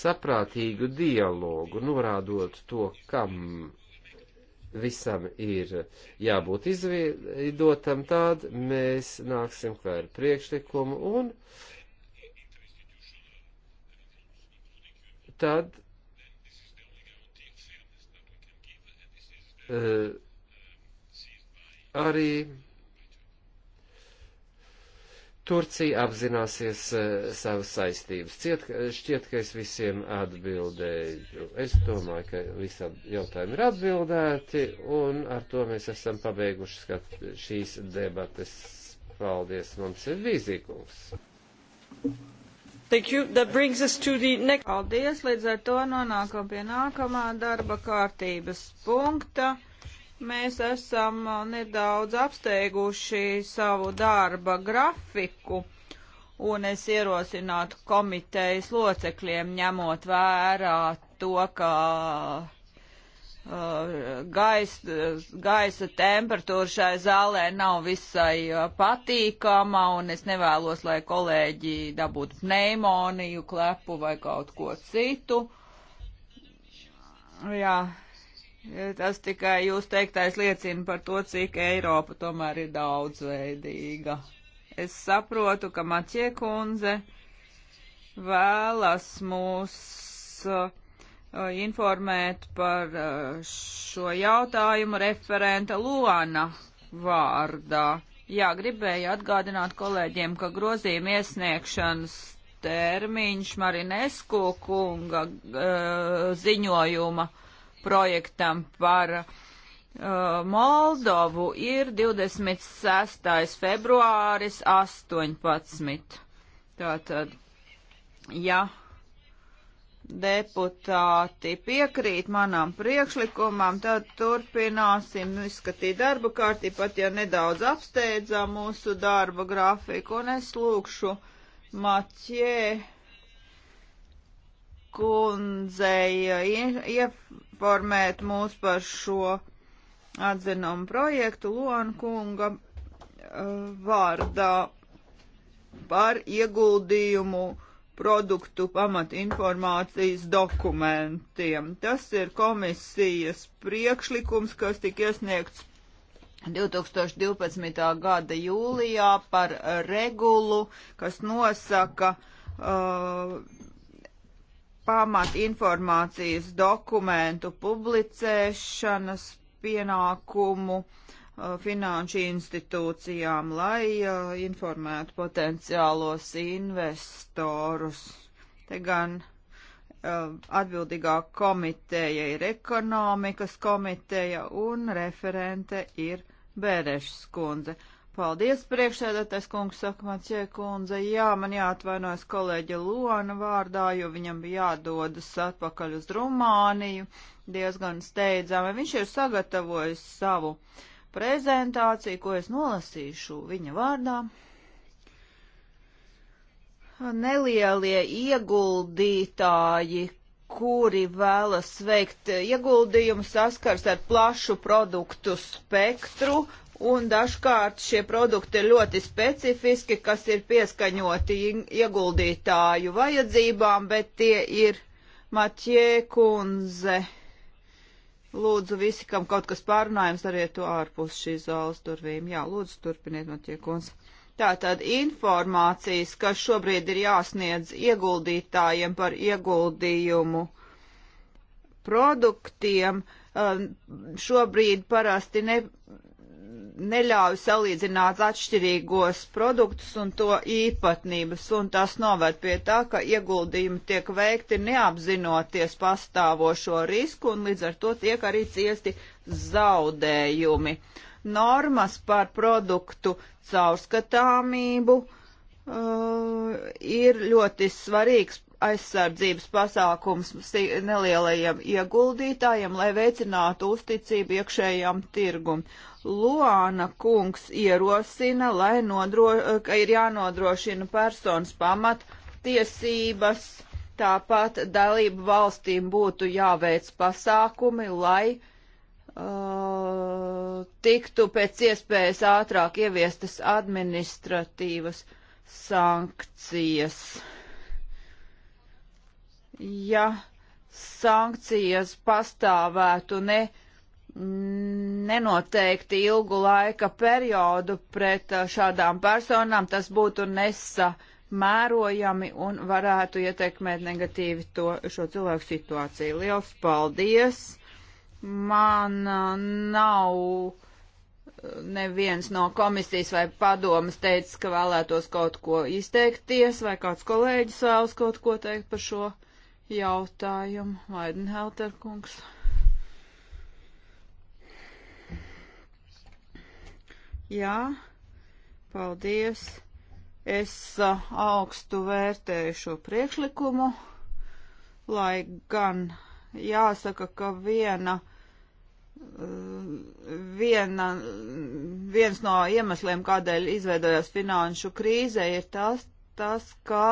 saprātīgu dialogu, norādot to, kam visam ir jābūt izveidotam, tad mēs nāksim klāt ar priekšlikumu un tad uh, arī Turcija apzināsies uh, savas saistības. Ciet, e, šķiet, ka es visiem atbildēju. Es domāju, ka visam jautājumi ir atbildēti, un ar to mēs esam pabeiguši skat, šīs debates. Paldies, mums ir vīzīkums. Thank you. That brings us to the next. Paldies, līdz ar to nonākam pie nākamā darba kārtības punkta mēs esam uh, nedaudz apsteiguši savu darba grafiku, un es ierosinātu komitejas locekļiem ņemot vērā to, ka uh, gaisa, gaisa temperatūra šai zālē nav visai uh, patīkama, un es nevēlos, lai kolēģi dabūtu pneimoniju, klepu vai kaut ko citu. Jā, Tas tikai jūs teiktais liecina par to, cik Eiropa tomēr ir daudzveidīga. Es saprotu, ka Maķie kundze vēlas mūs uh, informēt par uh, šo jautājumu referenta Luana vārdā. Jā, gribēju atgādināt kolēģiem, ka grozījuma iesniegšanas termiņš Marinesku kunga uh, ziņojuma uh, projektam par uh, Moldovu ir 26. februāris 18. Tātad, ja deputāti piekrīt manām priekšlikumam, tad turpināsim izskatīt darba kārtību, pat ja nedaudz apsteidzā mūsu darba grafiku, un es lūkšu Maķē kundzei informēt mūs par šo atzinumu projektu Lonkunga uh, vārdā par ieguldījumu produktu pamatinformācijas dokumentiem. Tas ir komisijas priekšlikums, kas tika iesniegts 2012. gada jūlijā par regulu, kas nosaka uh, pamat informācijas dokumentu publicēšanas pienākumu uh, finanšu institūcijām, lai uh, informētu potenciālos investorus. Te gan uh, atbildīgā komiteja ir ekonomikas komiteja un referente ir Bērešs kundze. Uh, Paldies, priekšsēdētais kungs, saka Macie kundze. Jā, man jāatvainojas kolēģa Lona vārdā, jo viņam bija jādodas atpakaļ uz Rumāniju diezgan steidzami. Viņš ir sagatavojis savu prezentāciju, ko es nolasīšu viņa vārdā. Nelielie ieguldītāji, kuri vēlas veikt ieguldījumu, saskars ar plašu produktu spektru un dažkārt šie produkti ir ļoti specifiski, kas ir pieskaņoti ieguldītāju vajadzībām, bet tie ir Matjē kundze. Lūdzu, visi, kam kaut kas pārunājums, dariet to ārpus šīs zāles durvīm. Jā, lūdzu, turpiniet, Matjē kundze. Tātad informācijas, kas šobrīd ir jāsniedz ieguldītājiem par ieguldījumu produktiem, eh, šobrīd parasti ne, neļauj salīdzināt atšķirīgos produktus un to īpatnības, un tas noved pie tā, ka ieguldījumi tiek veikti neapzinoties pastāvošo risku, un līdz ar to tiek arī ciesti zaudējumi. Normas par produktu caurskatāmību uh, ir ļoti svarīgs aizsardzības pasākums nelielajiem ieguldītājiem, lai veicinātu uzticību iekšējām tirgum. Luāna kungs ierosina, lai nodro, ka ir jānodrošina personas pamat tiesības, tāpat dalību valstīm būtu jāveic pasākumi, lai uh, tiktu pēc iespējas ātrāk ieviestas administratīvas sankcijas ja sankcijas pastāvētu ne nenoteikti ilgu laika periodu pret šādām personām, tas būtu nesamērojami un varētu ietekmēt negatīvi to, šo cilvēku situāciju. Liels paldies! Man nav neviens no komisijas vai padomas teicis, ka vēlētos kaut ko izteikties, vai kāds kolēģis vēlas kaut ko teikt par šo jautājumu. Vaidenhelter kungs. Jā, paldies. Es uh, augstu vērtēju šo priekšlikumu, lai gan jāsaka, ka viena uh, viena, viens no iemesliem, kādēļ izveidojās finanšu krīze, ir tas, tas ka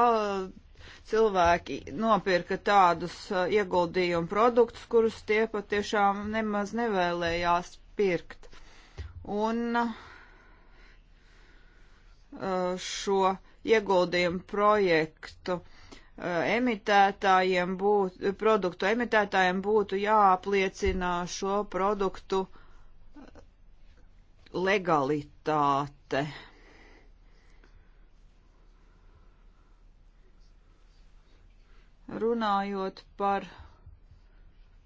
cilvēki nopirka tādus uh, ieguldījumu produktus, kurus tie patiešām nemaz nevēlējās pirkt. Un uh, šo ieguldījumu projektu uh, emitētājiem būtu, produktu emitētājiem būtu jāapliecina šo produktu legalitāte. runājot par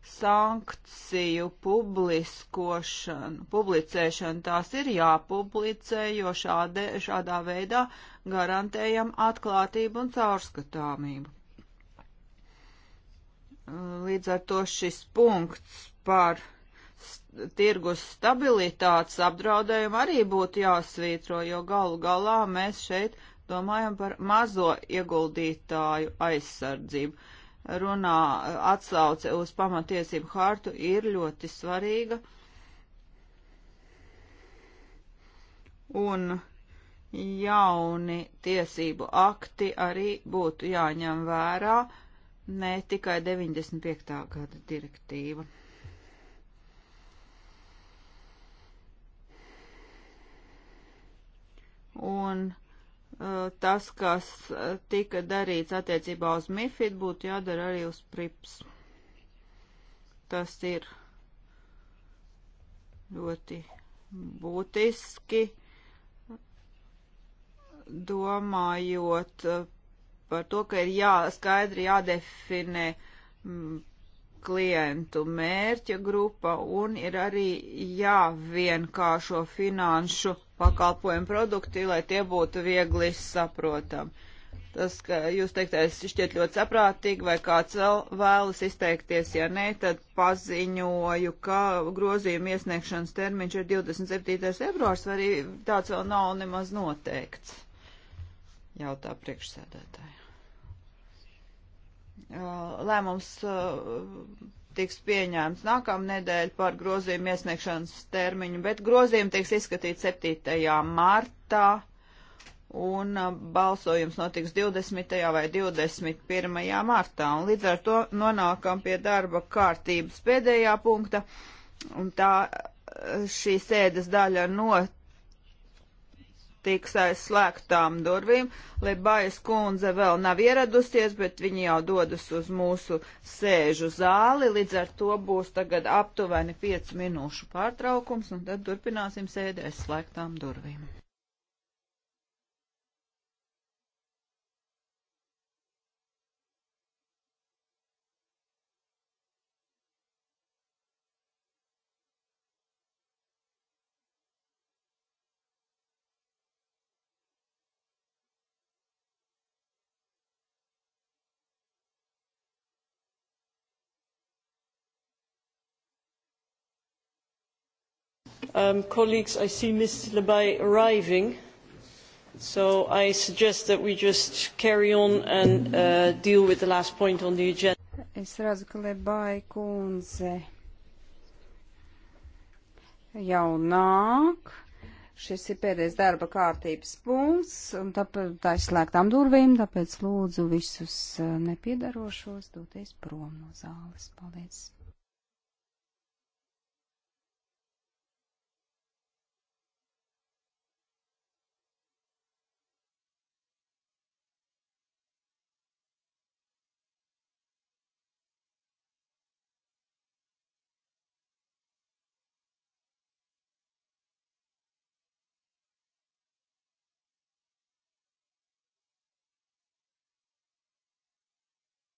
sankciju publiskošanu, publicēšanu, tās ir jāpublicē, jo šāde, šādā veidā garantējam atklātību un caurskatāmību. Līdz ar to šis punkts par tirgus stabilitātes apdraudējumu arī būtu jāsvītro, jo galu galā mēs šeit domājam par mazo ieguldītāju aizsardzību. Runā atsauce uz pamatiesību hartu ir ļoti svarīga. Un jauni tiesību akti arī būtu jāņem vērā, ne tikai 95. gada direktīva. Un Eh, tas, kas eh, tika darīts attiecībā uz MIFID, būtu jādara arī uz PRIPS. Tas ir ļoti būtiski, domājot eh, par to, ka ir jā, skaidri jādefinē mm, klientu mērķa grupa un ir arī jāvienkāršo finanšu pakalpojumu produkti, lai tie būtu viegli saprotami. Tas, ka jūs teiktais šķiet ļoti saprātīgi, vai kāds vēl vēlas izteikties, ja nē, tad paziņoju, ka grozījuma iesniegšanas termiņš ir 27. februārs, vai arī tāds vēl nav nemaz noteikts, jautā priekšsēdētāji. Uh, lēmums uh, tiks pieņēmts nākamnedēļ par grozījumu iesniegšanas termiņu, bet grozījumi tiks izskatīti 7. martā un uh, balsojums notiks 20. vai 21. martā. Un līdz ar to nonākam pie darba kārtības pēdējā punkta. Un tā šī sēdes daļa not notiks aiz slēgtām durvīm. Libajas kundze vēl nav ieradusies, bet viņa jau dodas uz mūsu sēžu zāli. Līdz ar to būs tagad aptuveni 5 minūšu pārtraukums, un tad turpināsim sēdi aiz slēgtām durvīm. Um, colleagues, I see Ms. Labai arriving, so I suggest that we just carry on and uh, deal with the last point on the agenda. Es redzu, ka Labai kundze jau nāk. Šis ir pēdējais darba kārtības punkts, un tāpēc tā ir slēgtām durvīm, tāpēc lūdzu visus uh, nepiedarošos doties prom no zāles. Paldies!